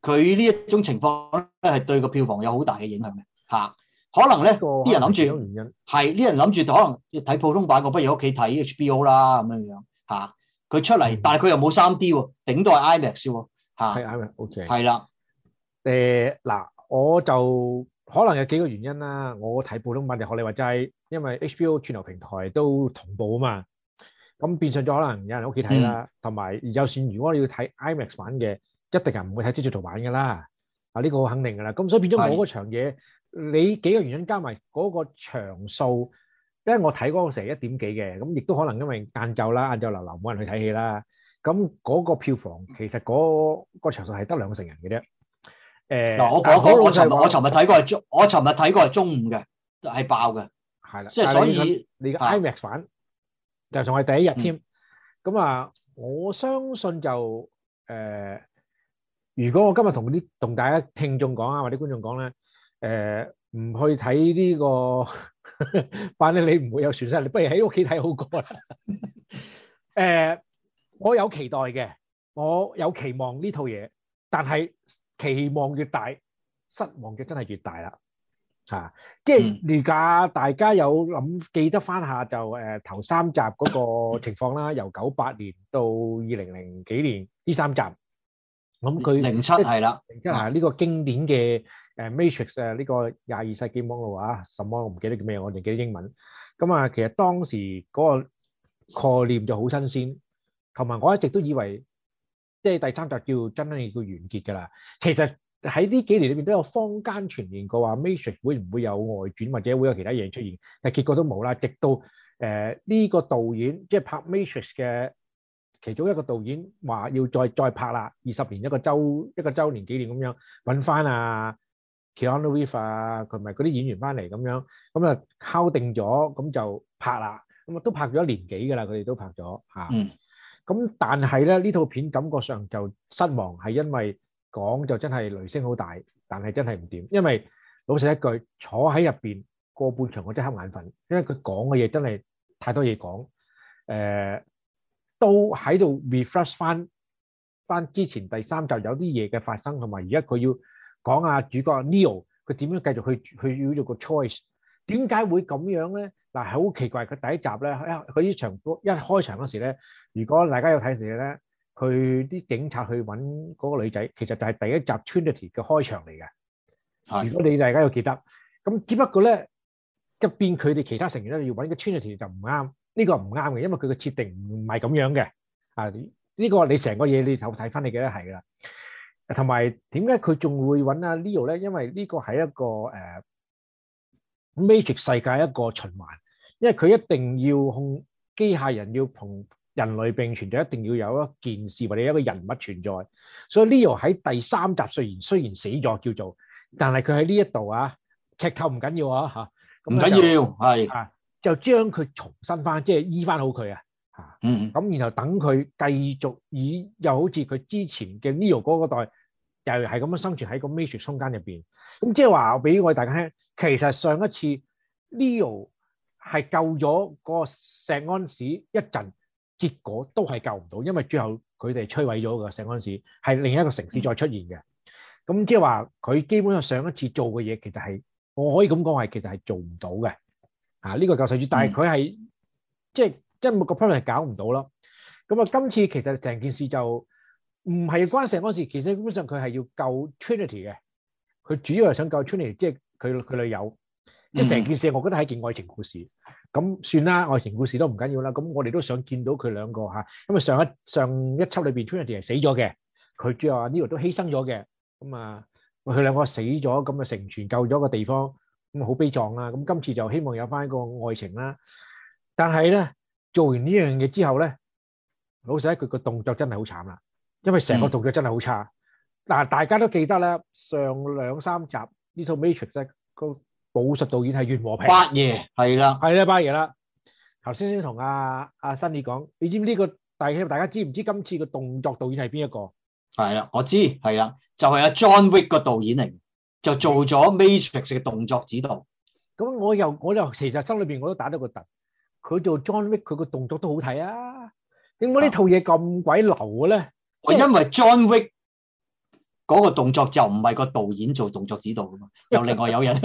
佢呢一種情況咧，係對個票房有好大嘅影響嘅嚇。可能咧，啲人諗住係啲人諗住，原因可能要睇普通版，我不如屋企睇 HBO 啦咁樣樣嚇。佢出嚟，但係佢又冇三 D 喎，頂多係 IMAX 喎嚇。係 IMAX，OK。係啦，誒、呃、嗱，我就可能有幾個原因啦。我睇普通版就學你話齋，因為 HBO 串流平台都同步啊嘛。咁變相咗，可能有人喺屋企睇啦，同、嗯、埋而就算如果你要睇 IMAX 版嘅。一定係，唔會睇蜘蛛圖版嘅啦，啊呢個好肯定噶啦咁所以變咗冇嗰場嘢，你幾個原因加埋嗰個場數，因為我睇嗰個成一點幾嘅，咁亦都可能因為晏晝啦，晏晝流流冇人去睇戲啦，咁嗰個票房其實嗰個場數係得兩成人嘅啫。誒，嗱我我我我我尋日睇過係中，我尋日睇過係中午嘅，係爆嘅，係啦，即係所以你嘅 imax 版就仲係第一日添，咁啊，我相信就誒。如果我今日同啲同大家聽眾講啊，或者觀眾講咧，誒唔去睇呢個，反正，你唔會有損失，你不如喺屋企睇好過啦。誒，我有期待嘅，我有期望呢套嘢，但係期望越大，失望嘅真係越大啦。嚇，即係而家大家有諗記得翻下就誒頭三集嗰個情況啦，由九八年到二零零幾年呢三集。咁佢零七係啦，即係呢個經典嘅誒 Matrix 誒呢個廿二世紀網絡啊，什麼我唔記得叫咩，我淨記得英文。咁啊，其實當時嗰個概念就好新鮮，同埋我一直都以為即係第三集叫真係叫完結㗎啦。其實喺呢幾年裏邊都有坊間傳言過話 Matrix 會唔會有外傳或者會有其他嘢出現，但係結果都冇啦。直到誒呢個導演即係拍 Matrix 嘅。其中一個導演話要再再拍啦，二十年一個週一個週年紀念咁樣揾翻啊，Keanu Reeves 啊，同埋嗰啲演員翻嚟咁樣，咁啊敲定咗，咁就拍啦，咁啊都拍咗一年幾㗎啦，佢哋都拍咗嚇。咁但係咧呢套片感覺上就失望，係因為講就真係雷聲好大，但係真係唔掂。因為老實一句，坐喺入邊過半場我真係瞌眼瞓，因為佢講嘅嘢真係太多嘢講，誒。都喺度 refresh 翻翻，之前第三集有啲嘢嘅發生，同埋而家佢要講啊，主角阿 Neo 佢點樣繼續去去要做個 choice？點解會咁樣咧？嗱，好奇怪！佢第一集咧，佢呢場一開場嗰時咧，如果大家有睇嘅咧，佢啲警察去揾嗰個女仔，其實就係第一集 Trinity 嘅開場嚟嘅。係，如果你大家要記得，咁只不過咧，一變佢哋其他成員咧要揾個 Trinity 就唔啱。呢個唔啱嘅，因為佢嘅設定唔係咁樣嘅啊！呢個你成個嘢你睇睇翻，你記得係噶啦。同埋點解佢仲會搵阿 Leo 咧？因為呢個係一個誒，Matrix 世界一個循環，因為佢一定要控機械人要同人類並存，就一定要有一件事或者有一個人物存在。所以 Leo 喺第三集雖然雖然死咗，叫做，但係佢喺呢一度啊，劇透唔緊要啊吓，唔緊要係。就將佢重新翻，即係醫翻好佢啊！咁、嗯、然後等佢繼續以又好似佢之前嘅 Neo 嗰個代，又係咁樣生存喺個 Matrix 空間入面。咁即係話俾我哋大家聽，其實上一次 Neo 係救咗個錫安市一陣，結果都係救唔到，因為最後佢哋摧毀咗個錫安市係另一個城市再出現嘅。咁即係話佢基本上上一次做嘅嘢，其實係我可以咁講係，其實係做唔到嘅。啊！呢個救世主，但係佢係即係因為個 problem 係搞唔到咯。咁啊，今次其實成件事就唔係關成件事，其實根本上佢係要救 Trinity 嘅。佢主要係想救 Trinity，即係佢佢女友。即係成件事，我覺得係一件愛情故事。咁算啦，愛情故事都唔緊要啦。咁我哋都想見到佢兩個嚇，因為上一上一輯裏邊 Trinity 係死咗嘅，佢主要啊呢個都犧牲咗嘅。咁啊，佢兩個死咗，咁啊成全救咗個地方。咁好悲壯啦！咁今次就希望有翻一個愛情啦，但係咧做完呢樣嘢之後咧，老實咧佢個動作真係好慘啦，因為成個動作真係好差。嗱，大家都記得咧，上兩三集呢套 Matrix 個武術導演係袁和平，八爺係啦，係啦，八爺啦。頭先先同阿阿辛尼講，你知唔知呢個大？希望大家知唔知今次個動作導演係邊一個？係啦，我知係啦，就係阿 John Wick 個導演嚟。就做咗 Matrix 嘅動作指導。咁我又我又其實心裏邊我都打咗個突。佢做 John Wick，佢個動作都好睇啊！點解呢套嘢咁鬼流嘅咧？啊就係、因為 John Wick 嗰個動作就唔係個導演做動作指導噶嘛，又另外有人。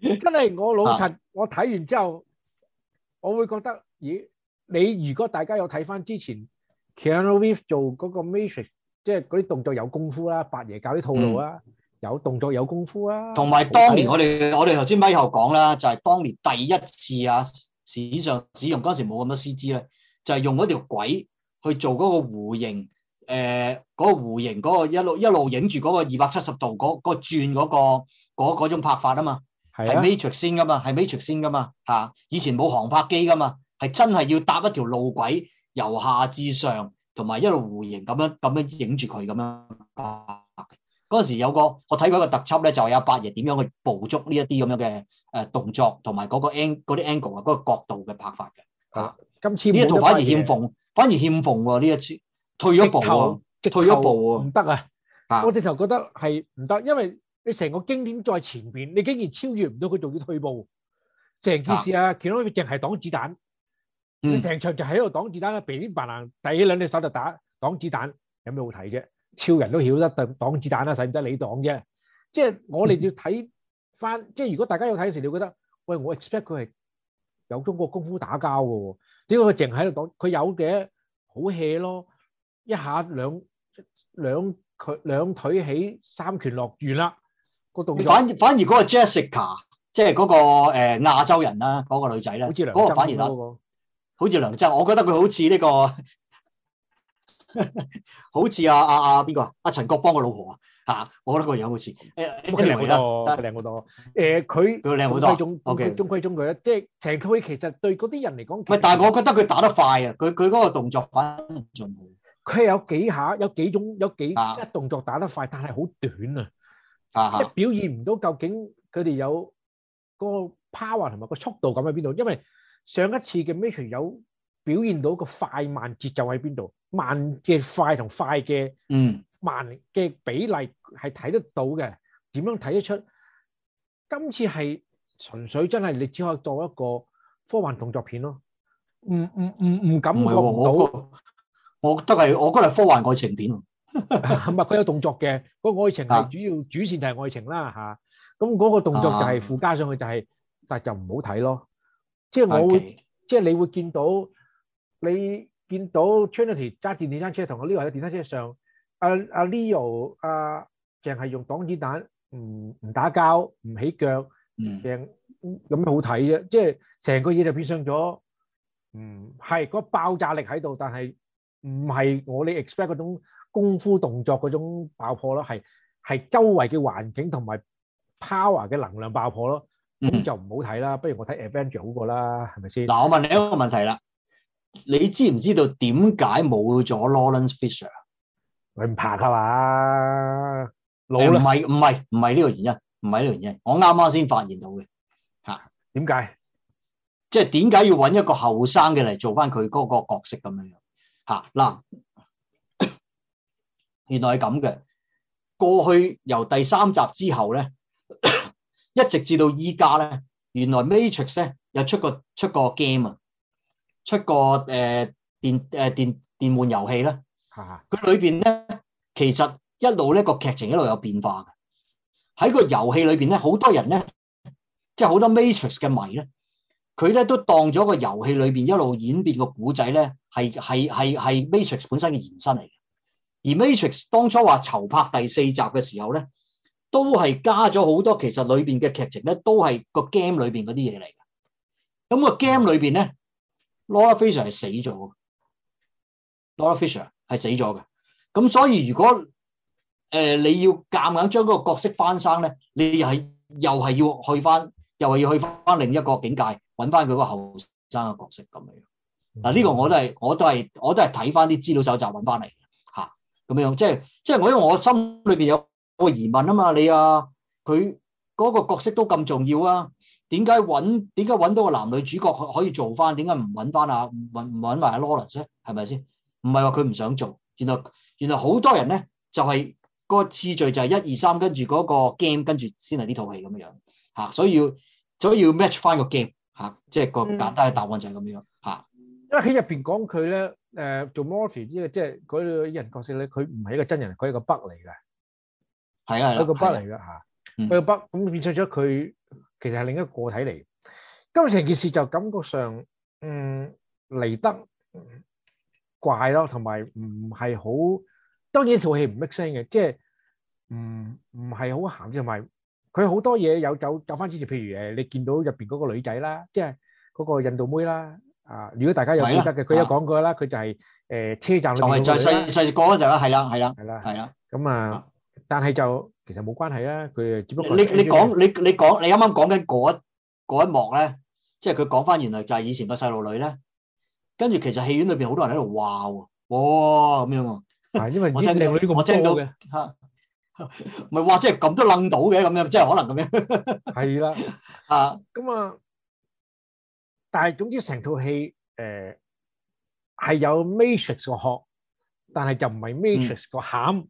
真係我老陳，我睇完之後、啊，我會覺得，咦？你如果大家有睇翻之前 Keanu Reeves 做嗰個 Matrix。即係嗰啲動作有功夫啦，八爺教啲套路啊，有動作有功夫啊。同埋、啊嗯啊、當年我哋我哋頭先咪後講啦，就係、是、當年第一次啊，史上使用嗰陣時冇咁多 CG 咧，就係、是、用嗰條軌去做嗰個弧形，誒、呃、嗰、那個弧形嗰個一路一路影住嗰個二百七十度嗰、那個那個轉嗰、那個嗰、那個、種拍法啊，啊嘛，係 matrix 先噶嘛，係 matrix 先噶嘛嚇，以前冇航拍機噶嘛，係真係要搭一條路軌由下至上。同埋一路弧形咁樣咁樣影住佢咁樣，嗰陣時有個我睇過一個特輯咧，就係、有八爺點樣去捕捉呢一啲咁樣嘅誒動作，同埋嗰個 angle 啲 angle 啊，嗰個角度嘅拍法嘅。嚇、啊，今次呢一套反而欠奉，反而欠奉喎、啊、呢一次，退咗步啊，退咗步喎、啊，唔得啊，啊！我直頭覺得係唔得，因為你成個經典在前邊，你竟然超越唔到佢，仲要退步，成件事啊，佢都淨係擋子彈。你、嗯、成場就喺度擋子彈啦，鼻尖白爛，遞起兩隻手就打擋子彈，有咩好睇啫？超人都曉得擋擋子彈啦，使唔使你擋啫？即係我哋要睇翻、嗯，即係如果大家有睇時候，你會覺得喂，我 expect 佢係有中國功夫打交嘅喎，點解佢淨喺度擋？佢有嘅，好 hea 咯，一下兩兩腳兩腿起，三拳落，完啦個動作。反反而嗰個 Jessica，即係嗰個誒、呃、亞洲人啦、啊，嗰、嗰個女仔啦，嗰個反而啊、那個、～、那個好似梁振，我覺得佢好似呢個，好似阿阿阿邊個啊？阿陳國邦個老婆啊？嚇！我覺得個樣好似，不過靚好多，靚好多。誒，佢佢靚好多，中規中規中矩啊！即係成套其實對嗰啲人嚟講，唔係，但係我覺得佢打得快啊！佢佢嗰個動作反應進去，佢係有幾下，有幾種，有幾即係動作打得快，但係好短啊！即係表現唔到究竟佢哋有嗰個 power 同埋個速度咁喺邊度，因為。上一次嘅 Matrix 有表現到個快慢節奏喺邊度？慢嘅快同快嘅嗯，慢嘅比例係睇得到嘅，點樣睇得出？今次係純粹真係你只可以做一個科幻動作片咯。唔唔唔唔感覺到，我都係我覺係科幻愛情片。唔係佢有動作嘅，嗰愛情係主要主線就係愛情啦吓。咁嗰個動作就係附加上去，就係但係就唔好睇咯。即係我、okay. 即你會見到你見到 Trinity 揸電單車同阿 Leo 喺電單車上，阿阿 Leo 阿淨係用擋子彈，唔、mm. 唔打交，唔起腳，淨咁、嗯嗯、樣好睇啫。即係成個嘢就變相咗，係個爆炸力喺度，但係唔係我哋 expect 嗰種功夫動作嗰種爆破咯，係係周圍嘅環境同埋 power 嘅能量爆破咯。咁、嗯、就唔好睇啦，不如我睇《Avenger》好過啦，係咪先？嗱，我問你一個問題啦，你知唔知道點解冇咗 Lawrence Fisher？佢唔拍啊嘛，老啦，唔係唔係唔係呢個原因，唔係呢個原因，我啱啱先發現到嘅。吓，點解？即係點解要揾一個後生嘅嚟做返佢嗰個角色咁樣樣？吓，嗱，原來係咁嘅，過去由第三集之後咧。一直至到依家咧，原來 Matrix 咧又出個出個 game 啊，出個誒、呃、電誒、呃、電電玩遊戲啦。嚇！佢裏邊咧其實一路咧個劇情一路有變化嘅。喺個遊戲裏邊咧，好多人咧，即係好多 Matrix 嘅迷咧，佢咧都當咗個遊戲裏邊一路演變個古仔咧，係係係 Matrix 本身嘅延伸嚟。而 Matrix 當初話籌拍第四集嘅時候咧。都係加咗好多，其實裏面嘅劇情咧，都係個 game 裏面嗰啲嘢嚟嘅。咁、個 game 裏面咧，Lawrence Fisher 係死咗嘅，Lawrence Fisher 係死咗嘅。咁所以如果、呃、你要夾硬將嗰個角色翻生咧，你係又係要去翻，又係要去翻另一個境界揾翻佢嗰個後生嘅角色咁樣。嗱，呢個我都係，我都係，我都係睇翻啲資料，搜集找回來的，揾翻嚟嚇咁樣，即係即係我因為我心裏面有。我、那個、疑問啊嘛，你啊，佢嗰個角色都咁重要啊，點解揾點解揾到個男女主角可以做翻，點解唔揾翻啊？唔揾唔揾埋阿 Lawrence 咧，係咪先？唔係話佢唔想做，原來原來好多人咧就係、是那個次序就係一二三，跟住嗰個 game 跟住先係呢套戲咁樣樣吓，所以要所以要 match 翻個 game 吓，即、就、係、是、個簡單嘅答案就係咁樣吓、嗯啊。因為喺入邊講佢咧，誒、呃、做 Morpheus 呢即係嗰個人角色咧，佢唔係一個真人，佢係一個 bug 嚟嘅。係啊，一個筆嚟嘅吓，佢個筆咁變作咗佢，其實係另一個個體嚟。今次成件事就感覺上，嗯，嚟得怪咯，同埋唔係好。當然套戲唔 make sense 嘅，即係唔唔係好咸，同埋佢好多嘢有走走翻之前，譬如誒，你見到入邊嗰個女仔啦，即係嗰個印度妹啦。啊，如果大家有記得嘅，佢有講過啦，佢就係誒車站。就係就細細個嗰陣啦，係啦，係啦，係啦，係啦，咁啊。但係就其實冇關係啦，佢誒，只不過你你講你你講你啱啱講緊嗰嗰一幕咧，即係佢講翻原來就係以前個細路女咧，跟住其實戲院裏邊好多人喺度話喎，哇咁樣啊，係因為我聽到我聽到吓，唔係話即係咁都楞到嘅咁樣，即係可能咁樣，係啦啊，咁啊，但係總之成套戲誒係有 Matrix 個殼，但係就唔係 Matrix 個餡。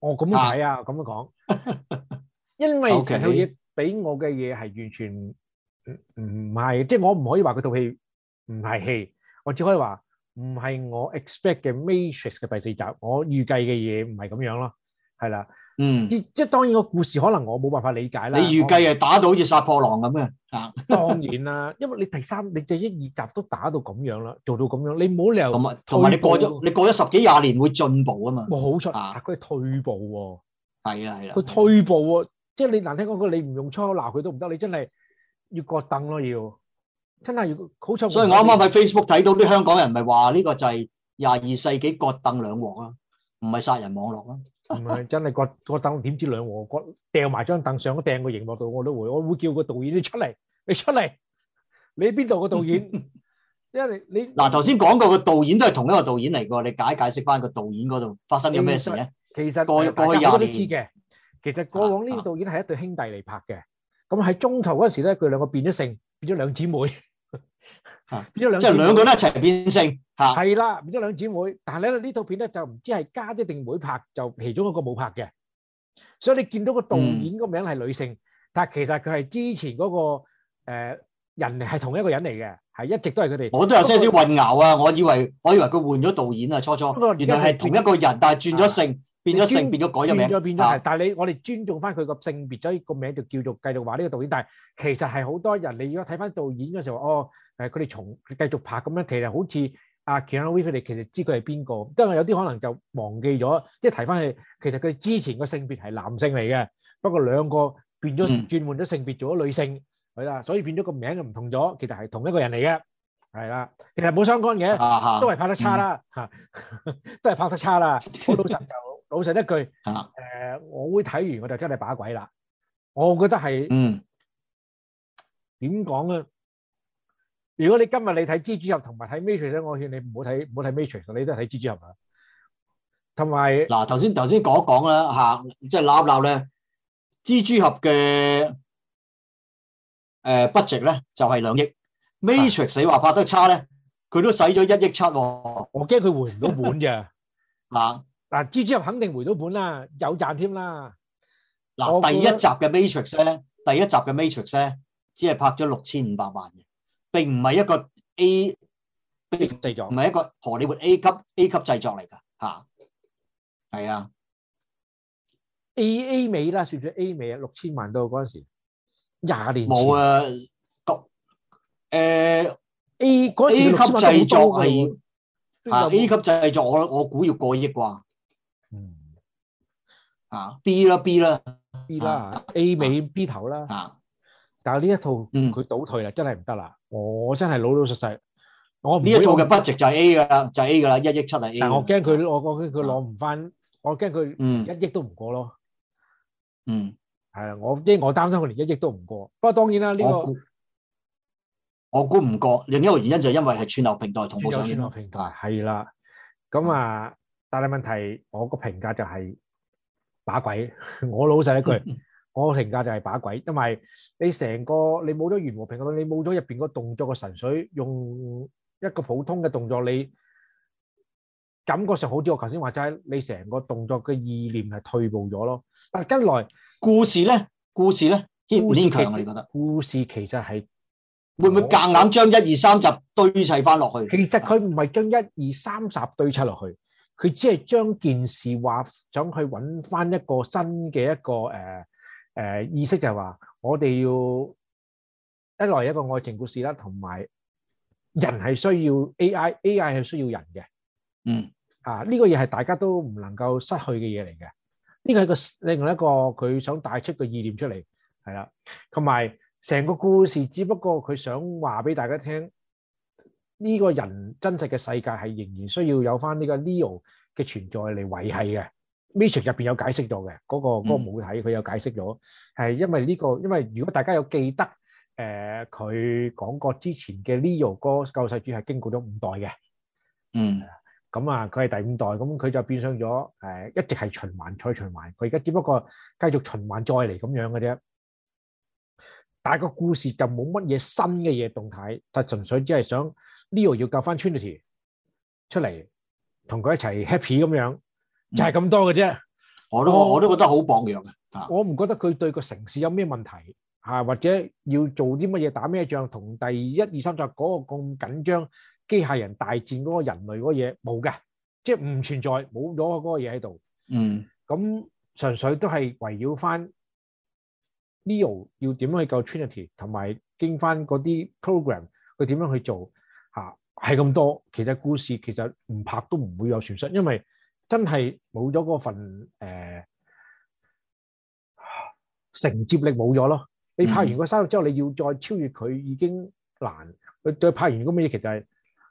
哦，咁樣睇啊，咁、啊、樣講，因為其實套嘢俾我嘅嘢係完全唔係，係、okay.，即係我唔可以話佢套戲唔係戲，我只可以話唔係我 expect 嘅 Matrix 嘅第四集，我預計嘅嘢唔係咁樣咯，係啦。嗯，即即當然個故事可能我冇辦法理解啦。你預計係打到好似殺破狼咁嘅，啊，當然啦， 因為你第三，你就一二集都打到咁樣啦，做到咁樣，你唔好理由咁啊。同埋你過咗，你過咗十幾廿年會進步啊嘛。好出啊，佢退步喎，係啊係啊，佢退步喎，即係、就是、你難聽講句，你唔用粗口鬧佢都唔得，你真係要割凳咯，要。真係好彩。所以我啱啱喺 Facebook 睇到啲香港人咪話呢個就係廿二世紀割凳兩鑊啊，唔係殺人網絡啦。唔係，真係個個凳點知兩和？個掉埋張凳上掟個熒幕度，我都會，我會叫個導演你出嚟，你出嚟，你喺邊度個導演？因為你嗱頭先講過個導演都係同一個導演嚟嘅，你解解釋翻個導演嗰度發生咗咩事咧？其實過過去廿年嘅，其實過往呢個導演係一對兄弟嚟拍嘅，咁喺中途嗰時咧，佢兩個變咗性，變咗兩姊妹。啊！變咗兩，即係兩個都一齊變性吓，係啦，變咗兩姊妹。但係咧，呢套片咧就唔知係家姐定妹拍，就其中一個冇拍嘅。所以你見到個導演個名係女性，但係其實佢係之前嗰個誒人係同一個人嚟嘅，係一直都係佢哋。我都有些少混淆啊！我以為我以為佢換咗導演啊，初初。不過原來係同一個人，但係轉咗性，變咗性，變咗改咗名啊！但係你我哋尊重翻佢個性別，所以個名就叫做繼續話呢個導演。但係其實係好多人，你如果睇翻導演嘅時候哦。誒，佢哋重繼續拍咁咧，其實好似阿 Lana Wachowski，你其實知佢係邊個？因為有啲可能就忘記咗，即係提翻去，其實佢之前個性別係男性嚟嘅，不過兩個變咗轉換咗性別做咗女性，係啦，所以變咗個名就唔同咗。其實係同一個人嚟嘅，係啦，其實冇相干嘅，都係拍得差啦，吓，都係拍得差啦。我老實就老實一句，誒，我會睇完我就真係把鬼啦。我覺得係，點講咧？如果你今日你睇蜘蛛俠同埋睇 Matrix 咧，我勸你唔好睇，唔好睇 Matrix，你都係睇蜘蛛俠啊。同埋嗱，頭先頭先講一講啦吓，即係鬧鬧咧，蜘蛛俠嘅誒 budget 咧就係兩億，Matrix 你話拍得差咧，佢都使咗一億七喎。我驚佢回唔到本咋？嗱 嗱、啊啊，蜘蛛俠肯定回到本啦，有賺添啦。嗱、啊，第一集嘅 Matrix 咧，第一集嘅 Matrix 咧，只係拍咗六千五百萬嘅。並唔係一個 A，製作唔係一個荷里活 A 級 A 級製作嚟㗎吓，係啊 A A 尾啦，算算 A 尾啊，六千萬到嗰陣時，廿年冇啊，誒 A 嗰 A 級製作係啊 A 級製作，我我估要過億啩，嗯啊 B 啦 B 啦 B 啦啊 A 尾 B 頭啦，但係呢一套佢倒退啦，真係唔得啦。我真係老老實實，我呢一套嘅 budget 值，就係 A 噶啦，就係、是、A 噶啦，一億七啊 A。但我驚佢，我我驚佢攞唔翻，我驚佢一億都唔過咯。嗯，係啊，我即我擔心佢連一億都唔過。不過當然啦，呢、這個我估唔過。另一個原因就係因為係串流平台同步上串咯。平台係啦，咁啊，嗯、但係問題我個評價就係、是、把鬼，我老實一句。 我評價就係把鬼，因為你成個你冇咗袁和平，你冇咗入邊個動作嘅神髓，用一個普通嘅動作，你感覺上好似我頭先話齋，你成個動作嘅意念係退步咗咯。但係跟來故事咧，故事咧牽唔牽強啊？你覺得故事其實係會唔會夾硬將一二三集堆砌翻落去？其實佢唔係將一二三集堆砌落去，佢只係將件事話想去揾翻一個新嘅一個誒。呃誒、呃，意思就係話，我哋要一來一個愛情故事啦，同埋人係需要 A.I.，A.I. 係 AI 需要人嘅，嗯，啊，呢、呢個嘢係大家都唔能夠失去嘅嘢嚟嘅，呢、呢個係個另外一個佢想帶出嘅意念出嚟，係啦，同埋成個故事只不過佢想話俾大家聽，呢、呢個人真實嘅世界係仍然需要有翻呢個 Leo 嘅存在嚟維繫嘅。嗯 Matrix 入邊有解釋咗嘅，嗰、那個嗰、那個、母體佢有解釋咗，係、嗯、因為呢、這個，因為如果大家有記得，誒、呃、佢講過之前嘅 Leo 哥救世主係經過咗五代嘅，嗯，咁、呃、啊佢係第五代，咁佢就變相咗誒、呃、一直係循環再循環，佢而家只不過繼續循環再嚟咁樣嘅啫，但係個故事就冇乜嘢新嘅嘢動態，就純粹只係想 Leo 要救翻 Trinity 出嚟，同佢一齊 happy 咁樣。就係、是、咁多嘅啫，我都我，我，我都覺得好薄弱啊！我唔覺得佢對個城市有咩問題，吓、啊、或者要做啲乜嘢打咩仗，同第一二三集嗰個咁緊張機械人大戰嗰、那個人類嗰嘢冇嘅，即係唔存在，冇咗嗰個嘢喺度。嗯，咁純粹都係圍繞翻 Neo 要點樣去救 Trinity，同埋經翻嗰啲 program 佢點樣去做吓，係、啊、咁多。其實故事其實唔拍都唔會有損失，因為。真係冇咗嗰份誒、呃、承接力冇咗咯。你拍完個三十之後你要再超越佢已經難佢、嗯、對拍完嗰咩嘢，其實係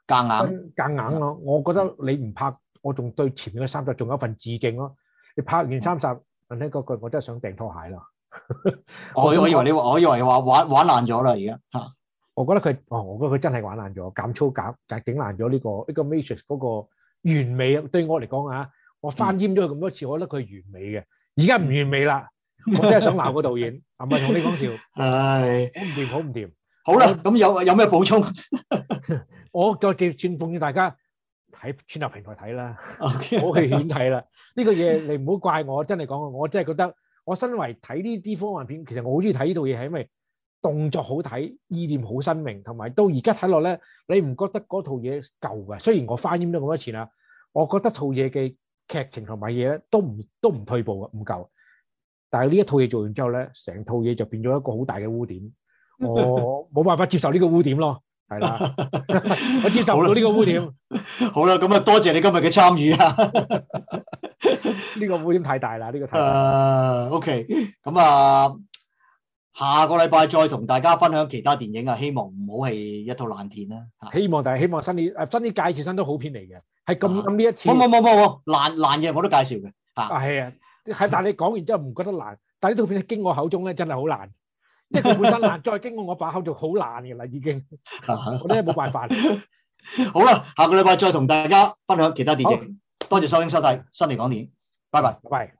夾硬夾硬，硬，硬咯。我覺得你唔拍，我仲對前面嘅三十仲有一份致敬咯。你拍完三十，問、嗯、呢句，我真係想掟拖鞋啦。 我以為你，我以為話玩玩爛咗啦。而家嚇，我覺得佢哦，我覺得佢真係玩爛咗，減粗減但係頂爛咗呢個呢個 Matrix 嗰個。完美，對我嚟講啊，我翻醃咗佢咁多次，我覺得佢係完美嘅。而家唔完美啦，我真係想鬧個導演。係咪同你講笑，唉，好唔掂，好唔掂。好啦，咁有有咩補充？我再建議奉勸大家睇，串流平台睇啦，唔好去戲院睇啦。呢個嘢你唔好怪我，真係講，我真係覺得，我身為睇呢啲科幻片，其實我好中意睇呢套嘢，係因為。動作好睇，意念好新穎，同埋到而家睇落咧，你唔覺得嗰套嘢舊嘅？雖然我翻演咗咁多次啦，我覺得套嘢嘅劇情同埋嘢都唔都唔退步啊，唔舊，但係呢一套嘢做完之後咧，成套嘢就變咗一個好大嘅污點，我冇辦法接受呢個污點咯，係啦， 我接受唔到呢個污點。好啦，咁啊，多謝，謝你今日嘅參與啊！呢 個污點太大啦，呢、呢個太大喇，OK 咁啊。Uh, okay. 下個禮拜再同大家分享其他電影啊，希望唔好係一套爛片啦。希望，大家希望新年新年介紹新都好片嚟嘅，係咁啱呢一次。冇冇冇冇，爛爛嘢我都介紹嘅。嚇，係啊，係但係你講完之後唔覺得爛，但呢套片經我口中咧真係好爛，因為佢本身爛，再經過我把口就好爛㗎啦已經。我都係冇辦法。好啦，下個禮拜再同大家分享其他電影。多謝收聽收睇辛尼講電影，拜。拜拜。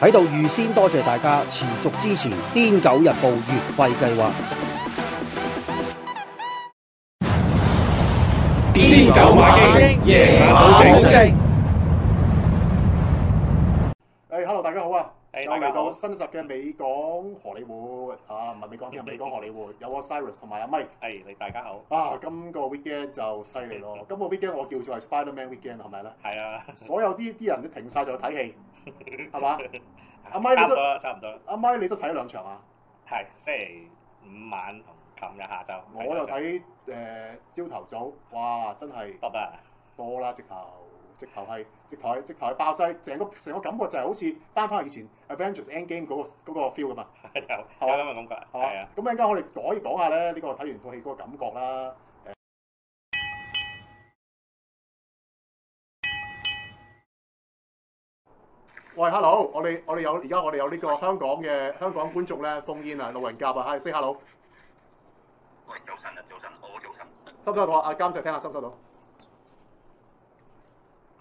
喺度預先多謝大家持續支持《癲狗日報月費計劃》。癲狗馬經，耶，好正。誒，hello，大家好啊！誒、hey，大家好。新實嘅美港荷里活啊，唔係美港，係 美港荷里活。有我 Cyrus 同埋阿 Mike。係、hey，大家好。啊，今個 weekend 就犀利咯！ 今個 weekend 我叫做 Spiderman weekend，係咪咧？係啊。所有啲啲人都停晒咗睇戲。係嘛？阿 Mike 差唔多，阿 Mike 你都睇咗，啊、兩場啊？係，星期五晚同琴日下晝。我又睇誒朝頭早，上早上，哇！真係多啦， 直頭直頭係，直台直台爆晒，成個成個感覺就係好似翻翻以前《Avengers Endgame》嗰個嗰個 feel 㗎嘛。 有，係啊咁嘅感覺。係啊，咁一陣間我哋可以講下咧，呢個睇完套戲嗰個感覺啦。喂，hello！我哋我哋有而家我哋有呢個香港嘅香港觀眾咧，封煙啊，路人甲啊，嗨，say hello！喂，早晨啊，早晨，好早晨收唔收到啊？阿監製聽下收唔收到？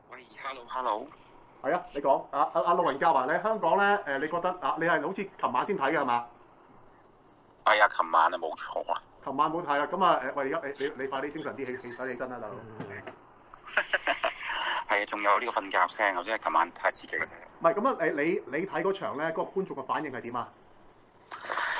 喂，hello，hello！係 hello 啊，你講啊啊啊，路人甲話、啊、咧香港咧，誒，你覺得啊，你係好似琴晚先睇嘅係嘛？係、哎、啊，琴晚啊冇錯啊！琴晚冇睇啦，咁啊誒，喂，而家你你,你快啲精神啲起，快起身啊，老～係、嗯、啊，仲 有呢個瞓覺聲啊，真係琴晚太刺激唔係咁啊！你你你睇嗰場咧，嗰個觀眾嘅反應係點啊？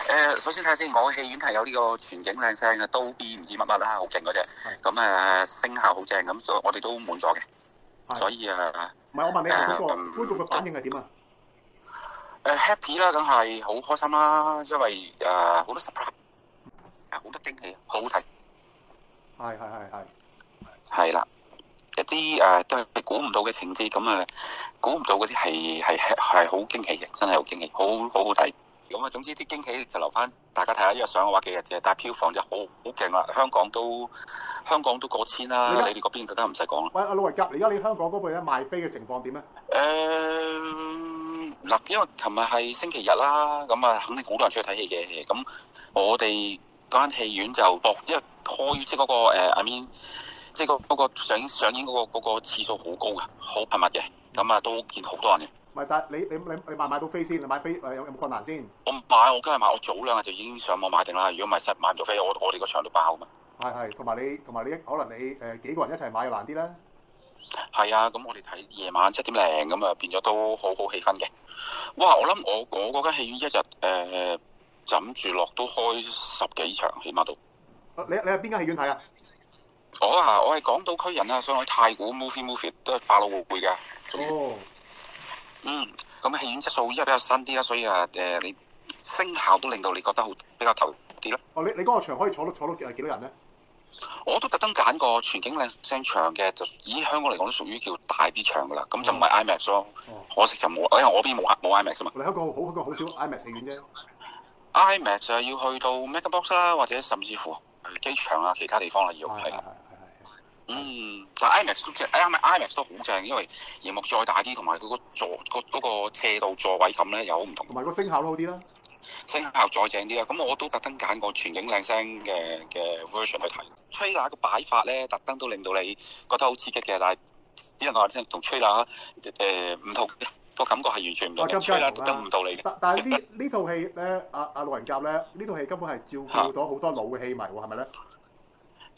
誒，首先睇下先，我戲院係有呢個全景靚聲嘅，Dolby 唔知乜乜啦，好勁嗰隻。咁啊，聲效好正，咁所我哋都滿咗嘅。所以啊，唔係我問你嗰個觀眾嘅反應係點啊？誒，happy 啦，梗係好開心啦，因為誒好多 surprise，好多驚喜，好好睇。係係係係，係啦。啲誒都係估唔到嘅情節，咁誒估唔到嗰啲係係係好驚喜嘅，真係好驚喜，好好好睇。咁啊，總之啲驚喜就留翻大家睇下個。因為上嘅話幾日啫，但票房就好好勁啦。香港都香港都過千啦，你哋嗰邊覺得唔使講啦。喂，阿老維格，而家你香港嗰邊賣賣飛嘅情況點咧？誒、嗯、嗱，因為琴日係星期日啦，咁啊肯定好多人出去睇戲嘅。咁我哋間戲院就博，即係開即嗰個 I mean, 即係個嗰個上映上映嗰個、嗰個次數好高嘅，好頻密嘅，咁啊都見好多人嘅。唔係，但係你你你你買唔買到飛先？你買飛有有冇困難先？我唔買，我梗係買，我早兩日就已經上網買定啦。如果唔係實買唔到飛，我我哋個場都爆啊嘛！係係，同埋你同埋你，可能你誒、呃、幾個人一齊買又難啲啦。係啊，咁我哋睇夜晚七點零咁啊，變咗都好好氣氛嘅。哇！我諗我嗰間戲院一日誒枕住落都開十幾場，起碼都。你你喺邊間戲院睇啊？Oh, 我啊，我係港島區人啊，所以我喺太古 Movie Movie 都係百老匯嘅。哦，oh. 嗯，咁戲院質素依家比較新啲啦，所以啊，誒、呃，你聲效都令到你覺得好比較投啲咯。哦、oh，你你嗰個場可以坐到坐到幾多人咧？我都特登揀個全景靚聲場嘅，就以香港嚟講都屬於叫大啲場噶啦，咁就唔係 IMAX 咯。Oh. 可惜就冇，因為我邊冇冇 IMAX 嘛。你係一個好好少 IMAX 戲院啫。IMAX 就係要去到 Megabox 啦，或者甚至乎機場啊，其他地方啊要係。Oh. 嗯，但係 IMAX 都正，IMAX 都好正，因為熒幕再大啲，同埋佢個座個、嗰個斜度座位感咧又好唔同，同埋個聲效都好啲啦，聲效再正啲啦。咁我都特登揀個全景靚聲嘅嘅 version 去睇。吹喇叭嘅擺法咧，特登都令到你覺得好刺激嘅，但係只能話聲同吹喇叭誒唔同個感覺係完全唔同。吹喇叭都唔到你。嘅、啊。但係 呢呢套戲咧，阿阿路人甲咧，呢套戲根本係照顧到好多老嘅戲迷喎，係咪咧？是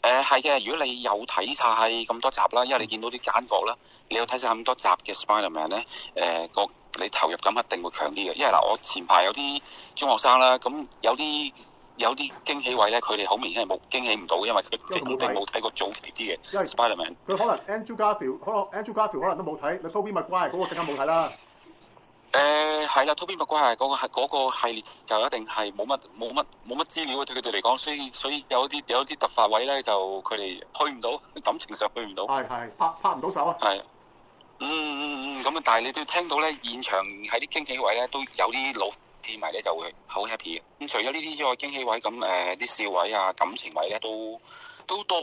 誒、呃，係嘅。如果你有睇晒咁多集啦，因為你見到啲間隔啦，你有睇晒咁多集嘅 Spiderman 咧、呃，誒，個你投入感一定會強啲嘅。因為嗱，我前排有啲中學生啦，咁有啲有啲驚喜位咧，佢哋好明顯係冇驚喜唔到，因為佢哋一定冇睇過早期啲嘅。因為 Spiderman 佢可能 Andrew Garfield，可能 Andrew Garfield 可能都冇睇，Tobey Maguire 嗰個更加冇睇啦。 誒、呃，係啦，Topi 不歸係嗰個系、嗰個系列就一定係冇乜冇乜冇乜資料啊！對佢哋嚟講，所以所以有啲有啲突發位咧，就佢哋去唔到，感情上去唔到，係係拍拍唔到手啊！係，嗯嗯嗯，咁、嗯、啊！但係你都聽到咧，現場喺啲驚喜位咧，都有啲老戲迷咧就會好 happy 嘅。咁除咗呢啲之外，驚喜位咁誒，啲、呃、笑位啊，感情位咧都都多。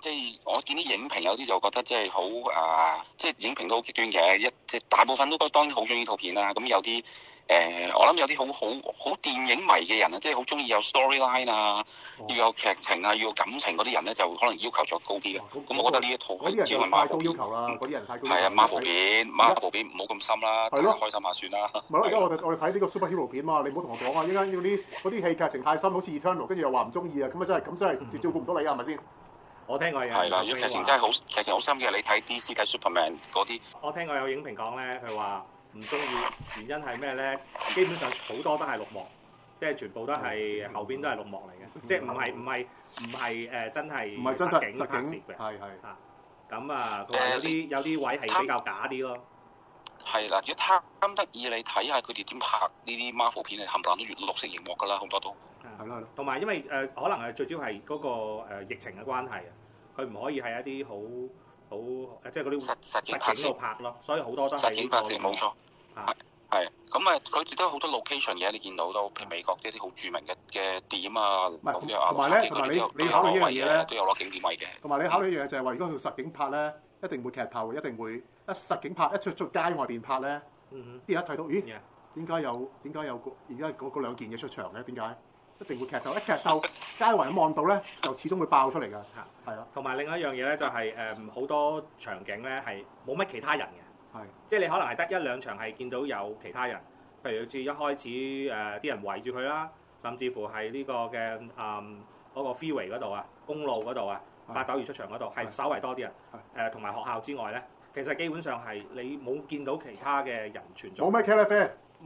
即係我見啲影評有啲就覺得即係好啊，即係影評都好極端嘅一即係大部分都都當然好中意套片啦。咁有啲誒、呃，我諗有啲好好好電影迷嘅人啊，即係好中意有 storyline 啊，要有劇情啊，要有感情嗰啲人咧，就可能要求再高啲嘅。咁、哦那個那個、我覺得呢一套我啲人就太高要求啦。嗰啲人太高係、嗯、啊，Marvel 片 Marvel 片唔好咁深啦，開心下算啦。咪咯，而家我哋我哋睇呢個 superhero 片嘛，你唔好同我講啊，依家要啲嗰啲戲劇情太深，好似《Eternal》，跟住又話唔中意啊，咁啊真係咁真係、嗯、照顧唔到你啊，係咪先？我聽過有係啦，啲劇情真係好劇情好深嘅。你睇 DC 嘅 Superman 嗰啲，我聽過有影評講咧，佢話唔中意，原因係咩咧？基本上好多都係綠幕，即係全部都係後邊都係綠幕嚟嘅，即係唔係唔係唔係誒真係實景拍攝嘅，係係啊。咁啊，誒有啲有啲位係比較假啲咯。係啦，要貪貪得意你睇下佢哋點拍呢啲 Marvel 片，係冚唪唥到越綠色熒幕㗎啦，好多都。係咯，同埋因為誒、呃、可能係最主要係嗰、嗰個、呃、疫情嘅關係，佢唔可以係一啲好好即係嗰啲實景度拍咯，所以好多都係實景拍攝，冇錯係係咁啊。佢哋都好多 location 嘢，你見到都譬如美國一啲好著名嘅嘅點啊，咁樣同埋咧，同埋你你考慮一樣嘢咧，即有攞景點位嘅。同埋、啊、你考慮一樣嘢就係、係、話，如果用實景拍咧，一定會劇透，一定會一實景拍一出出街外邊拍咧。啲人一睇到，咦，點解有點解有而家嗰兩件嘢出場咧？點解？一定會劇透，一劇透街圍咁望到咧，就始終會爆出嚟㗎，嚇。係啊、就是。同埋另一樣嘢咧，就係誒好多場景咧係冇乜其他人嘅。係。即係你可能係得一兩場係見到有其他人，譬如好似一開始誒啲、呃、人圍住佢啦，甚至乎係呢、這個嘅誒嗰個 freeway 嗰度啊，公路嗰度啊，八爪魚出場嗰度係稍為多啲人。係。同、呃、埋學校之外咧，其實基本上係你冇見到其他嘅人存在。冇咩茄喱啡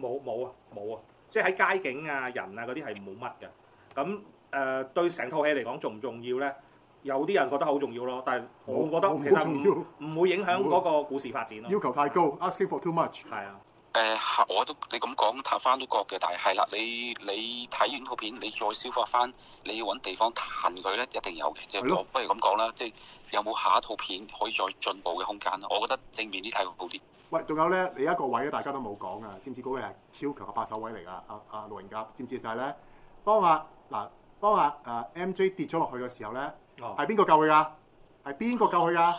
冇冇啊，冇啊。沒即係喺街景啊、人啊嗰啲係冇乜嘅，咁誒、呃、對成套戲嚟講重唔重要咧？有啲人覺得好重要咯，但係我覺得唔重要，唔會影響嗰個故事發展咯。要求太高，asking for too much。係、呃、啊，誒我都你咁講彈翻都覺嘅，但係係啦，你你睇完套片，你再消化翻，你要揾地方彈佢咧，一定有嘅。係、就、咯、是。即係我不如咁講啦，即、就、係、是、有冇下一套片可以再進步嘅空間咧？我覺得正面啲睇好啲。喂，仲有咧，你一個位咧，大家都冇講噶，知唔知嗰位係超強嘅八手位嚟噶？阿阿路人甲，知唔知就係咧，當阿嗱當阿誒 MJ 跌咗落去嘅時候咧，係邊個救佢噶？係邊個救佢噶？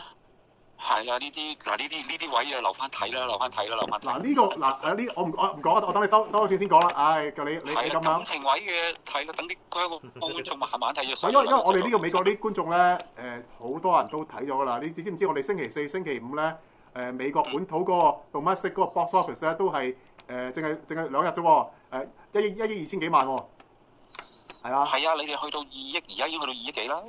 係啦，呢啲嗱呢啲呢啲位啊，留翻睇啦，留翻睇啦，留翻嗱呢個嗱誒呢，我唔我唔講啊，我等你收收咗錢先講啦，唉，就你你咁樣。係啦，行情位嘅係等啲香港觀眾慢慢睇咗。係因為因為我哋呢個美國啲觀眾咧誒好多人都睇咗㗎啦，你你知唔知我哋星期四星期五咧？誒、呃、美國本土嗰、那個 domestic 嗰、嗯那個 box office 咧，都係誒，淨係淨係兩日啫喎，誒一億一億二千幾萬喎，哦，係啊，係啊，你哋去到二億，而家已經去到二億幾啦。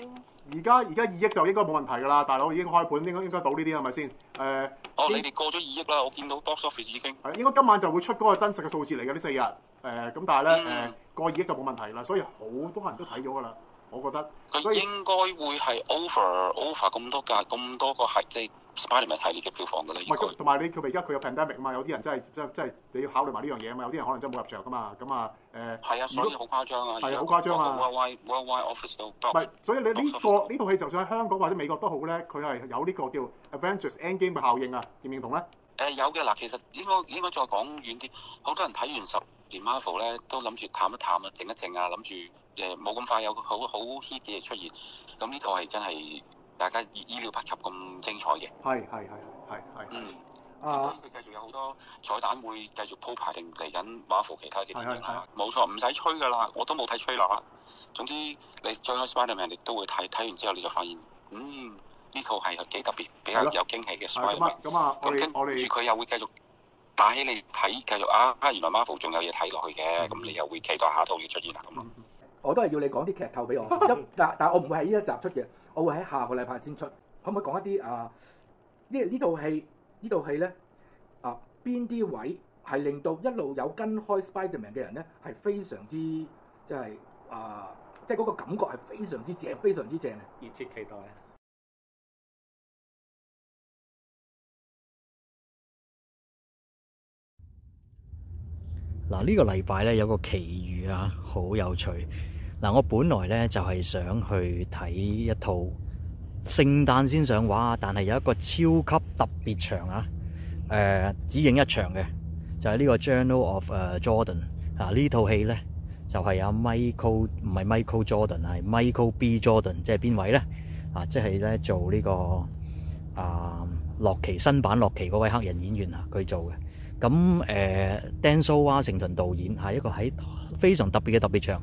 而家而家二億就應該冇問題㗎啦，大佬已經開盤，應該應該到呢啲係咪先？誒、呃，哦，你哋過咗二億啦，我見到 box office 已經係應該今晚就會出嗰個真實嘅數字嚟㗎，呢四日誒咁，但係咧誒過二億就冇問題啦，所以好多人都睇咗㗎啦，我覺得。佢應該會係 over over 咁多價，咁多個限制。Spiderman 啲票房㗎啦，唔係同埋你佢而家佢有 pandemic 啊嘛，有啲人真係真真係你要考慮埋呢樣嘢啊嘛，有啲人可能真係冇入場㗎嘛，咁、呃、啊誒係啊，所以好誇張啊，係啊，好誇張啊，唔係 of 所以你、這、呢個呢套戲，就算喺香港或者美國都好咧，佢係有呢個叫 Avengers Endgame 嘅效應啊，認唔認同咧？誒有嘅嗱，其實應該應該再講遠啲，好多人睇完十年 Marvel 咧，都諗住淡一淡啊，靜一靜啊，諗住誒冇咁快有個好好 hit 嘅出現，咁呢套係真係。大家意、意料不及咁精彩嘅，係係係係係。嗯，啊，佢繼續有好多彩蛋會繼續鋪排，定嚟緊 Marvel 其他嘅嘢啦。冇錯，唔使吹噶啦，我都冇睇吹落。總之你最開 Spiderman 你都會睇，睇完之後你就發現，嗯，呢套係幾特別，比較有驚喜嘅 Spiderman。咁跟住佢又會繼續打起你睇，繼續啊，原來 Marvel 仲有嘢睇落去嘅，咁、嗯、你又會期待下套嘢出現啦。咁、嗯嗯、我都係要你講啲劇透俾我。 但但我唔會喺呢一集出嘅。我會喺下個禮拜先出，可唔可以講一啲啊？即係呢套戲，呢套戲咧啊，邊啲位係令到一路有跟開 Spiderman 嘅人咧，係非常之即係、即係、啊，即係嗰個感覺係非常之正，非常之正啊！熱切期待啊！嗱，呢個禮拜咧有個奇遇啊，好有趣。嗱，我本來咧就係想去睇一套聖誕先上畫，但係有一個超級特別場啊、呃！只影一場嘅就係、是、呢個《Journal of Jordan》啊。這套呢套戲咧就係、是、阿、啊、Michael 唔係 Michael Jordan 係 Michael B Jordan，即係邊位咧啊？即係咧做呢、這個啊洛奇新版洛奇嗰位黑人演員啊，佢做嘅咁 Denzel Washington 導演係一個喺非常特別嘅特別場。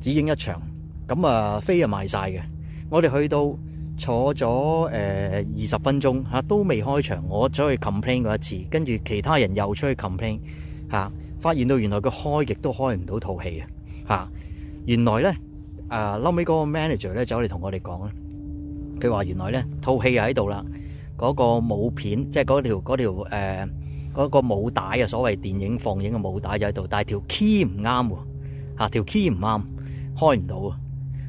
只影一場，咁啊飛啊賣晒嘅。我哋去到坐咗誒二十分鐘嚇、啊，都未開場。我走去 complain 過一次，跟住其他人又出去 complain 嚇、啊，發現到原來佢開極都開唔到套戲嘅嚇。原來咧啊，撈尾嗰個 manager 咧走嚟同我哋講佢話原來咧套戲又喺度啦，嗰、嗰個母片即係嗰條嗰條母、呃嗰個、帶啊，所謂電影放映嘅母帶就喺度，但係條 key 唔啱喎嚇，條 key 唔啱。開唔到啊！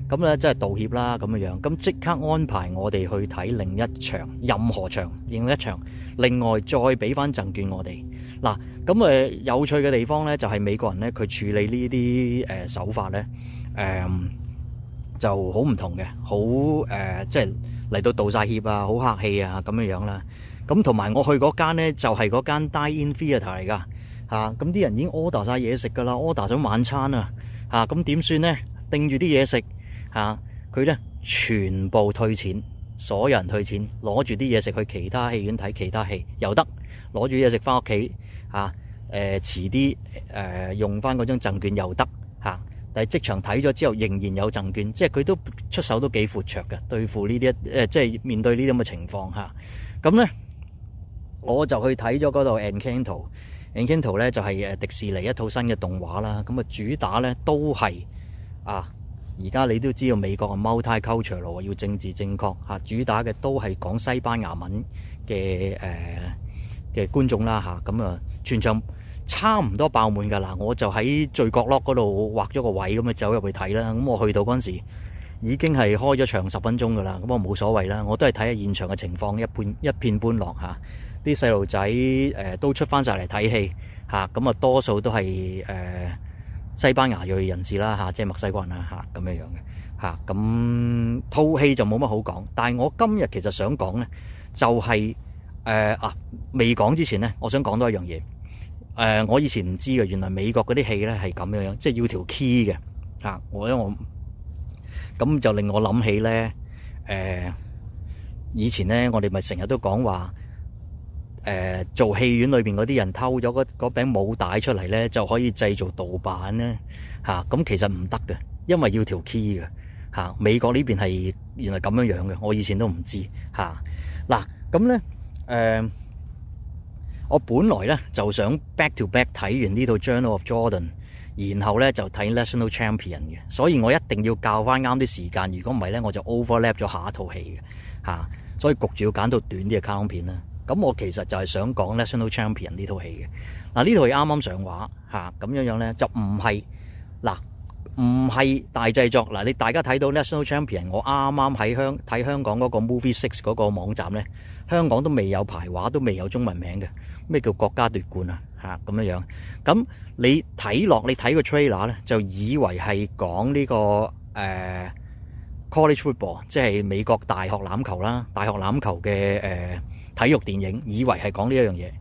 咁咧即係道歉啦，咁樣樣，咁即刻安排我哋去睇另一場，任何場，另一場，另外再俾翻贈券我哋嗱。咁誒、呃、有趣嘅地方咧，就係、是、美國人咧，佢處理呢啲誒手法咧，誒、呃、就好唔同嘅，好誒、呃、即係嚟到道晒歉啊，好客氣啊，咁樣樣啦。咁同埋我去嗰間咧，就係、是、嗰間 Dine-in Theatre 嚟噶吓，咁、啊、啲人已經 order 晒嘢食噶啦，order 咗晚餐啊吓，咁點算咧？定住啲嘢食嚇，佢咧，全部退錢，所有人退錢，攞住啲嘢食去其他戲院睇其他戲又得，攞住嘢食翻屋企嚇，誒遲啲誒用翻嗰張贈券又得嚇。但係即場睇咗之後，仍然有贈券，即係佢都出手都幾闊綽嘅，對付呢啲誒，即係面對呢啲咁嘅情況嚇。咁咧我就去睇咗嗰度《Encanto》，《Encanto》咧就係迪士尼一套新嘅動畫啦。咁啊主打咧都係。啊！而家你都知道美國嘅 multicultural 咯，要政治正確嚇，主打嘅都係講西班牙文嘅誒嘅觀眾啦嚇。咁啊，全場差唔多爆滿噶嗱，我就喺最角落嗰度畫咗個位咁啊，走入去睇啦。咁我去到嗰陣時候，已經係開咗場十分鐘噶啦。咁我冇所謂啦，我都係睇下現場嘅情況，一片一片歡落。嚇、啊。啲細路仔誒都出翻晒嚟睇戲嚇，咁啊多數都係誒。啊西班牙裔人士啦，嚇，即係墨西哥人啦，嚇咁樣樣嘅嚇咁套戲就冇乜好講。但係我今日其實想講咧，就係、是、誒、呃、啊未講之前咧，我想講多一樣嘢誒。我以前唔知嘅，原來美國嗰啲戲咧係咁樣樣，即係要條 key 嘅嚇、啊。我因為我咁就令我諗起咧誒、呃、以前咧，我哋咪成日都講話。誒、呃，做戲院裏邊嗰啲人偷咗嗰柄武帶出嚟咧，就可以製造盜版咧吓。咁、啊、其實唔得嘅，因為要條 key 嘅吓。美國呢邊係原來咁樣樣嘅，我以前都唔知吓。嗱咁咧，誒、啊，我本來咧就想 back to back 睇完呢套 Journal of Jordan，然後咧就睇 National Champion 嘅，所以我一定要教翻啱啲時間。如果唔係咧，我就 overlap 咗下一套戲嘅吓，所以焗住要揀到短啲嘅卡通片啦。咁我其實就係想講《National Champion》呢套戲嘅嗱。呢套戲啱啱上畫咁樣樣咧，就唔係嗱，唔係大製作嗱。你大家睇到《National Champion》，我啱啱喺香睇香港嗰個 Movie Six 嗰個網站咧，香港都未有排畫，都未有中文名嘅咩叫國家奪冠啊，咁樣樣。咁你睇落你睇個 trailer 咧，就以為係講呢個、呃、college football，即係美國大學欖球啦，大學欖球嘅體育電影以為係講呢一樣嘢，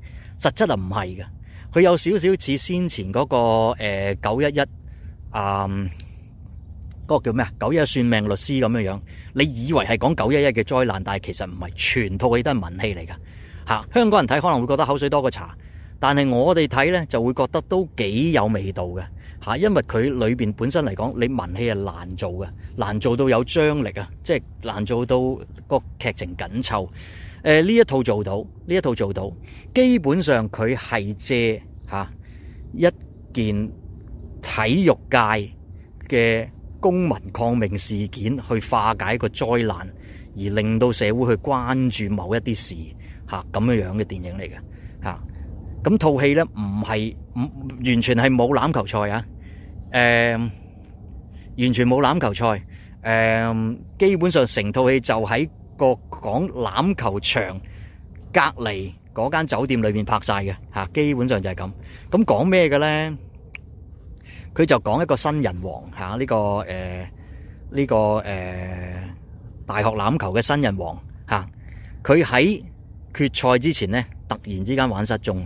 實質啊唔係嘅。佢有少少似先前嗰、嗰個九一一啊，嗰、呃嗯嗰個叫咩啊？九一一算命律師咁樣樣。你以為係講九一一嘅災難，但係其實唔係，全套戲都係文戲嚟噶嚇。香港人睇可能會覺得口水多過茶，但係我哋睇呢就會覺得都幾有味道嘅嚇，因為佢裏邊本身嚟講，你文戲係難做嘅，難做到有張力啊，即係難做到個劇情緊湊。誒，呢一套做到，呢一套做到，基本上佢係借吓一件體育界嘅公民抗命事件去化解個災難，而令到社會去關注某一啲事吓咁樣樣嘅電影嚟嘅吓。咁套戲咧唔係唔完全係冇欖球賽啊。誒，完全冇欖球賽，誒，基本上成套戲就喺個。講籃球場隔籬嗰間酒店裏面拍晒嘅吓，基本上就係咁。咁講咩嘅咧？佢就講一個新人王吓，呢、呢個誒呢、呃呢個誒、呃、大學籃球嘅新人王吓。佢、啊、喺決賽之前咧，突然之間玩失蹤。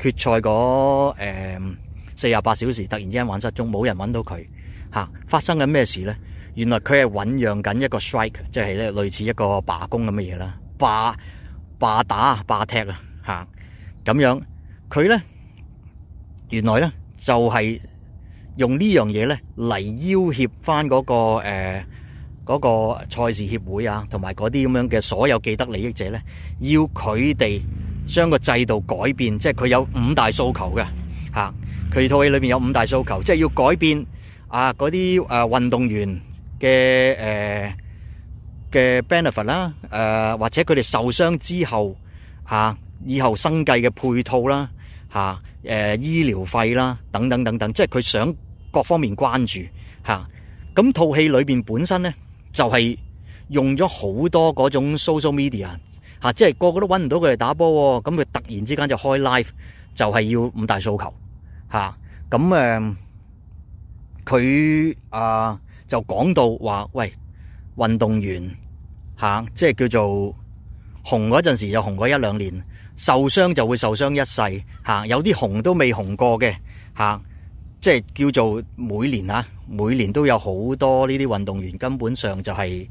決賽嗰誒四十八小時，突然之間玩失蹤，冇人揾到佢吓、啊。發生緊咩事咧？原來佢係醖釀緊一個 strike，即係咧類似一個罷工咁嘅嘢啦，罷罷打罷踢啊，咁樣佢咧原來咧就係用呢樣嘢咧嚟要脅翻嗰個誒嗰、呃嗰個、賽事協會啊，同埋嗰啲咁樣嘅所有既得利益者咧，要佢哋將個制度改變，即係佢有五大訴求嘅吓，佢套戲裏面有五大訴求，即係要改變啊嗰啲誒運動員。嘅誒嘅 benefit 啦誒，或者佢哋受傷之後吓，以後生計嘅配套啦吓，誒醫療費啦等等等等，即係佢想各方面關注吓。咁套戲裏邊本身咧就係用咗好多嗰種 social media 吓，即係個個都搵唔到佢哋打波，咁佢突然之間就開 live，就係要五大訴求吓。咁誒，佢、呃、啊。就講到話，喂，運動員嚇、啊，即係叫做紅嗰陣時就紅過一兩年，受傷就會受傷一世嚇、啊。有啲紅都未紅過嘅嚇、啊，即係叫做每年啊，每年都有好多呢啲運動員根本上就係、是、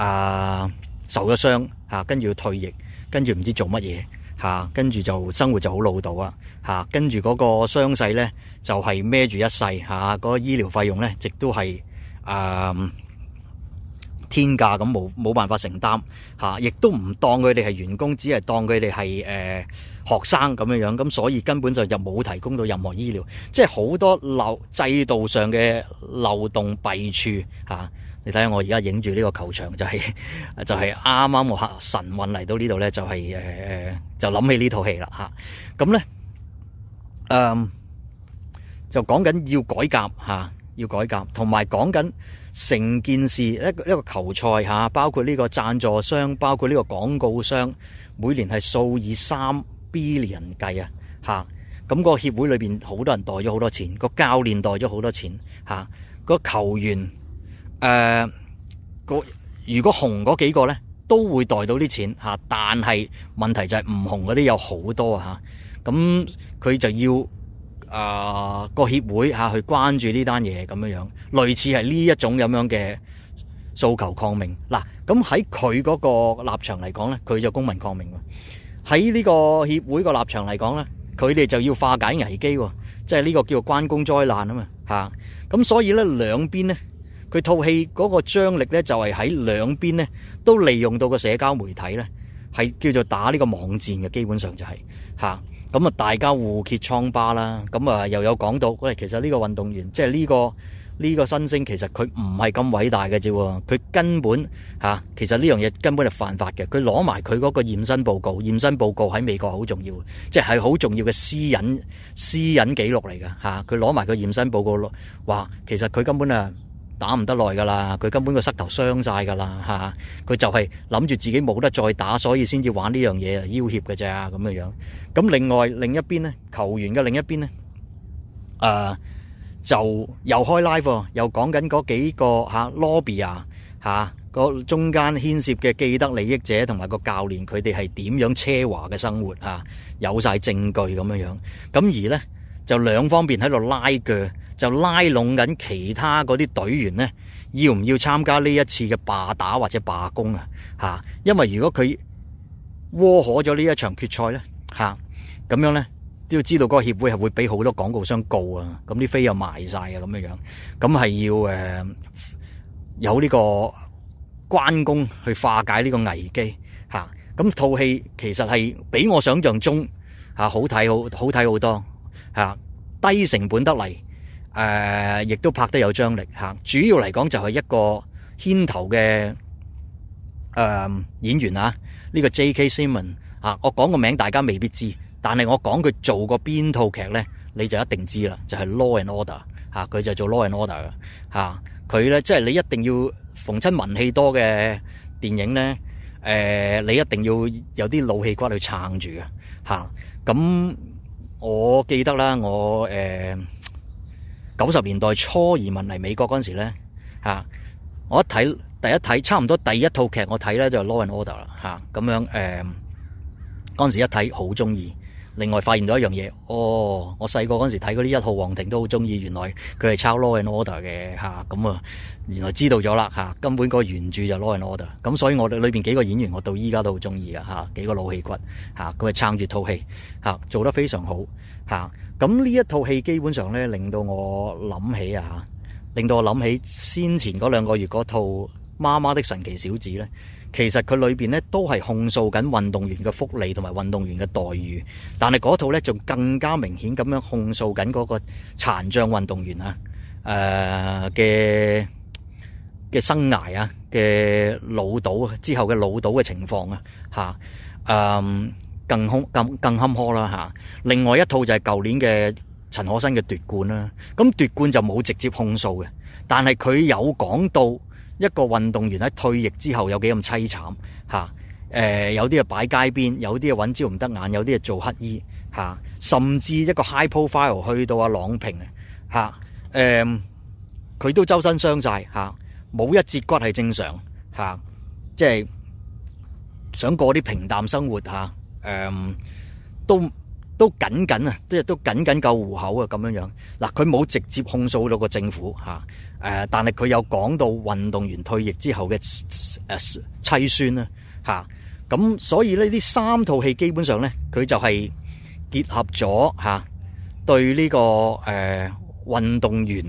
啊受咗傷嚇，跟、啊、住要退役，跟住唔知做乜嘢嚇，跟、啊、住就生活就好潦倒啊嚇，跟住嗰個傷勢咧就係孭住一世嚇，嗰、啊那個醫療費用呢，亦都係。誒、uh,，天價咁冇冇辦法承擔吓，亦都唔當佢哋係員工，只係當佢哋係誒學生咁樣樣，咁所以根本就又冇提供到任何醫療，即係好多漏制度上嘅漏洞弊處吓、啊。你睇下我而家影住呢個球場就係、是、就係啱啱我神運嚟到呢度咧，就係、是、誒、呃、就諗起呢套戲啦吓。咁、啊、咧，誒、啊、就講緊要改革吓。啊要改革，同埋講緊成件事一個一個球賽嚇，包括呢個贊助商，包括呢個廣告商，每年係數以三 billion 計啊嚇，咁、個協會裏面好多人袋咗好多錢，個教練袋咗好多錢嚇，個、啊、球員誒、呃、如果紅嗰幾個咧都會袋到啲錢、啊、但係問題就係唔紅嗰啲有好多啊嚇，咁佢就要。誒、啊，個協會吓、啊、去關注呢單嘢咁樣樣，類似係呢一種咁樣嘅訴求抗命嗱。咁喺佢嗰個立場嚟講咧，佢就公民抗命喎。喺呢個協會個立場嚟講咧，佢哋就要化解危機，即係呢個叫做關公災難啊嘛吓。咁所以咧，兩邊咧，佢套戲嗰個張力咧，就係喺兩邊咧都利用到個社交媒體咧，係叫做打呢個網戰嘅，基本上就係、是、吓。啊咁啊，大家互揭瘡疤啦。咁啊，又有講到，其實呢個運動員，即係呢個呢個新星，其實佢唔係咁偉大嘅啫。佢根本嚇，其實呢樣嘢根本係犯法嘅。佢攞埋佢嗰個驗身報告，驗身報告喺美國好重要，即係好重要嘅私隱私隱記錄嚟㗎嚇。佢攞埋個驗身報告，話其實佢根本啊～打唔得耐噶啦，佢根本個膝頭傷晒噶啦吓，佢就係諗住自己冇得再打，所以先至玩呢樣嘢，要挾噶咋咁嘅樣。咁另外另一邊呢球員嘅另一邊呢，誒、呃、就又開 live，又講緊嗰幾個吓 lobby 啊吓、啊，個中間牽涉嘅既得利益者同埋個教練，佢哋係點樣奢華嘅生活啊？有晒證據咁嘅樣。咁而呢，就兩方面喺度拉鋸。就拉攏緊其他嗰啲隊員咧，要唔要參加呢一次嘅罷打或者罷工啊？吓，因為如果佢窩火咗呢一場決賽咧，吓，咁樣咧都要知道嗰個協會係會俾好多廣告商告啊，咁啲飛又賣晒啊，咁樣樣，咁係要誒有呢個關公去化解呢個危機吓。咁套戲其實係比我想象中吓好睇好好睇好多吓，低成本得嚟。誒、呃，亦都拍得有張力，主要嚟講就係一個牽頭嘅誒、呃、演員啊。呢、這個 J.K.Simon、啊、我講個名大家未必知，但係我講佢做過邊套劇咧，你就一定知啦。就係、是、Law and Order 嚇、啊，佢就做 Law and Order 嘅嚇。佢、啊、咧即係你一定要逢親文戲多嘅電影咧、啊，你一定要有啲老戲骨去撐住嘅咁、啊、我記得啦，我誒。呃九十年代初移民嚟美國嗰陣時咧，我一睇第一睇差唔多第一套劇我睇咧就《Law and Order》啦、嗯，咁樣誒嗰陣時一睇好中意。另外發現咗一樣嘢，哦，我細個嗰陣時睇嗰啲《一號皇庭》都好中意，原來佢係抄《Law and Order》嘅，咁啊，原來知道咗啦，根本個原著就《Law and Order》咁，所以我哋裏邊幾個演員我到依家都好中意啊嚇，幾個老戲骨佢係撐住套戲嚇，做得非常好。咁呢一套戲基本上咧，令到我諗起啊，令到我諗起先前嗰兩個月嗰套《媽媽的神奇小子》咧，其實佢裏邊咧都係控訴緊運動員嘅福利同埋運動員嘅待遇，但係嗰套咧仲更加明顯咁樣控訴緊嗰個殘障運動員啊，誒嘅嘅生涯啊嘅老倒之後嘅老倒嘅情況啊，吓，嗯。更空更更坎坷啦。另外一套就係舊年嘅陳可辛嘅奪冠啦。咁奪冠就冇直接控訴嘅，但係佢有講到一個運動員喺退役之後有幾咁淒慘。誒，有啲係擺街邊，有啲係揾朝唔得晚，有啲係做乞兒，啊，甚至一個 high profile 去到阿郎平啊，誒，佢，嗯，都周身傷晒，冇一節骨係正常，啊，即係想過啲平淡生活，啊誒，都都僅僅啊，即係都僅僅夠糊口啊，咁樣樣嗱，佢冇直接控訴到個政府吓誒，但係佢有講到運動員退役之後嘅誒淒酸啦吓咁，所以呢呢三套戲基本上咧，佢就係結合咗吓對呢個誒運動員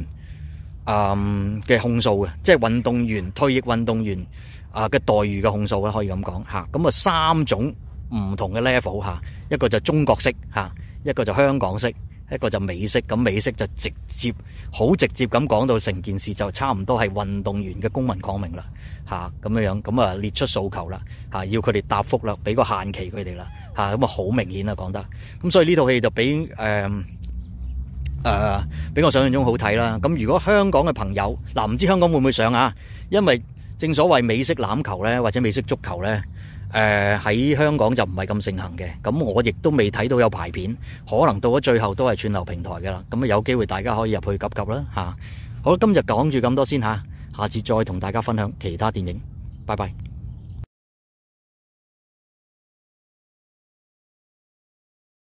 誒嘅控訴嘅，即係運動員退役運動員啊嘅待遇嘅控訴咧，可以咁講吓咁啊三種。唔同嘅 level 下，一個就中國式吓，一個就香港式，一個就美式。咁美式就直接好直接咁講到成件事，就差唔多係運動員嘅公民抗命啦吓，咁樣樣咁啊列出訴求啦吓，要佢哋答覆啦，俾個限期佢哋啦吓，咁啊好明顯啊講得。咁所以呢套戲就比誒誒，比我想象中好睇啦。咁如果香港嘅朋友嗱，唔知香港會唔會上啊？因為正所謂美式籃球咧，或者美式足球咧。誒、呃、喺香港就唔係咁盛行嘅，咁我亦都未睇到有排片，可能到咗最後都係串流平台㗎啦，咁啊有機會大家可以入去及及啦吓。好，今日講住咁多先吓，下次再同大家分享其他電影。拜拜。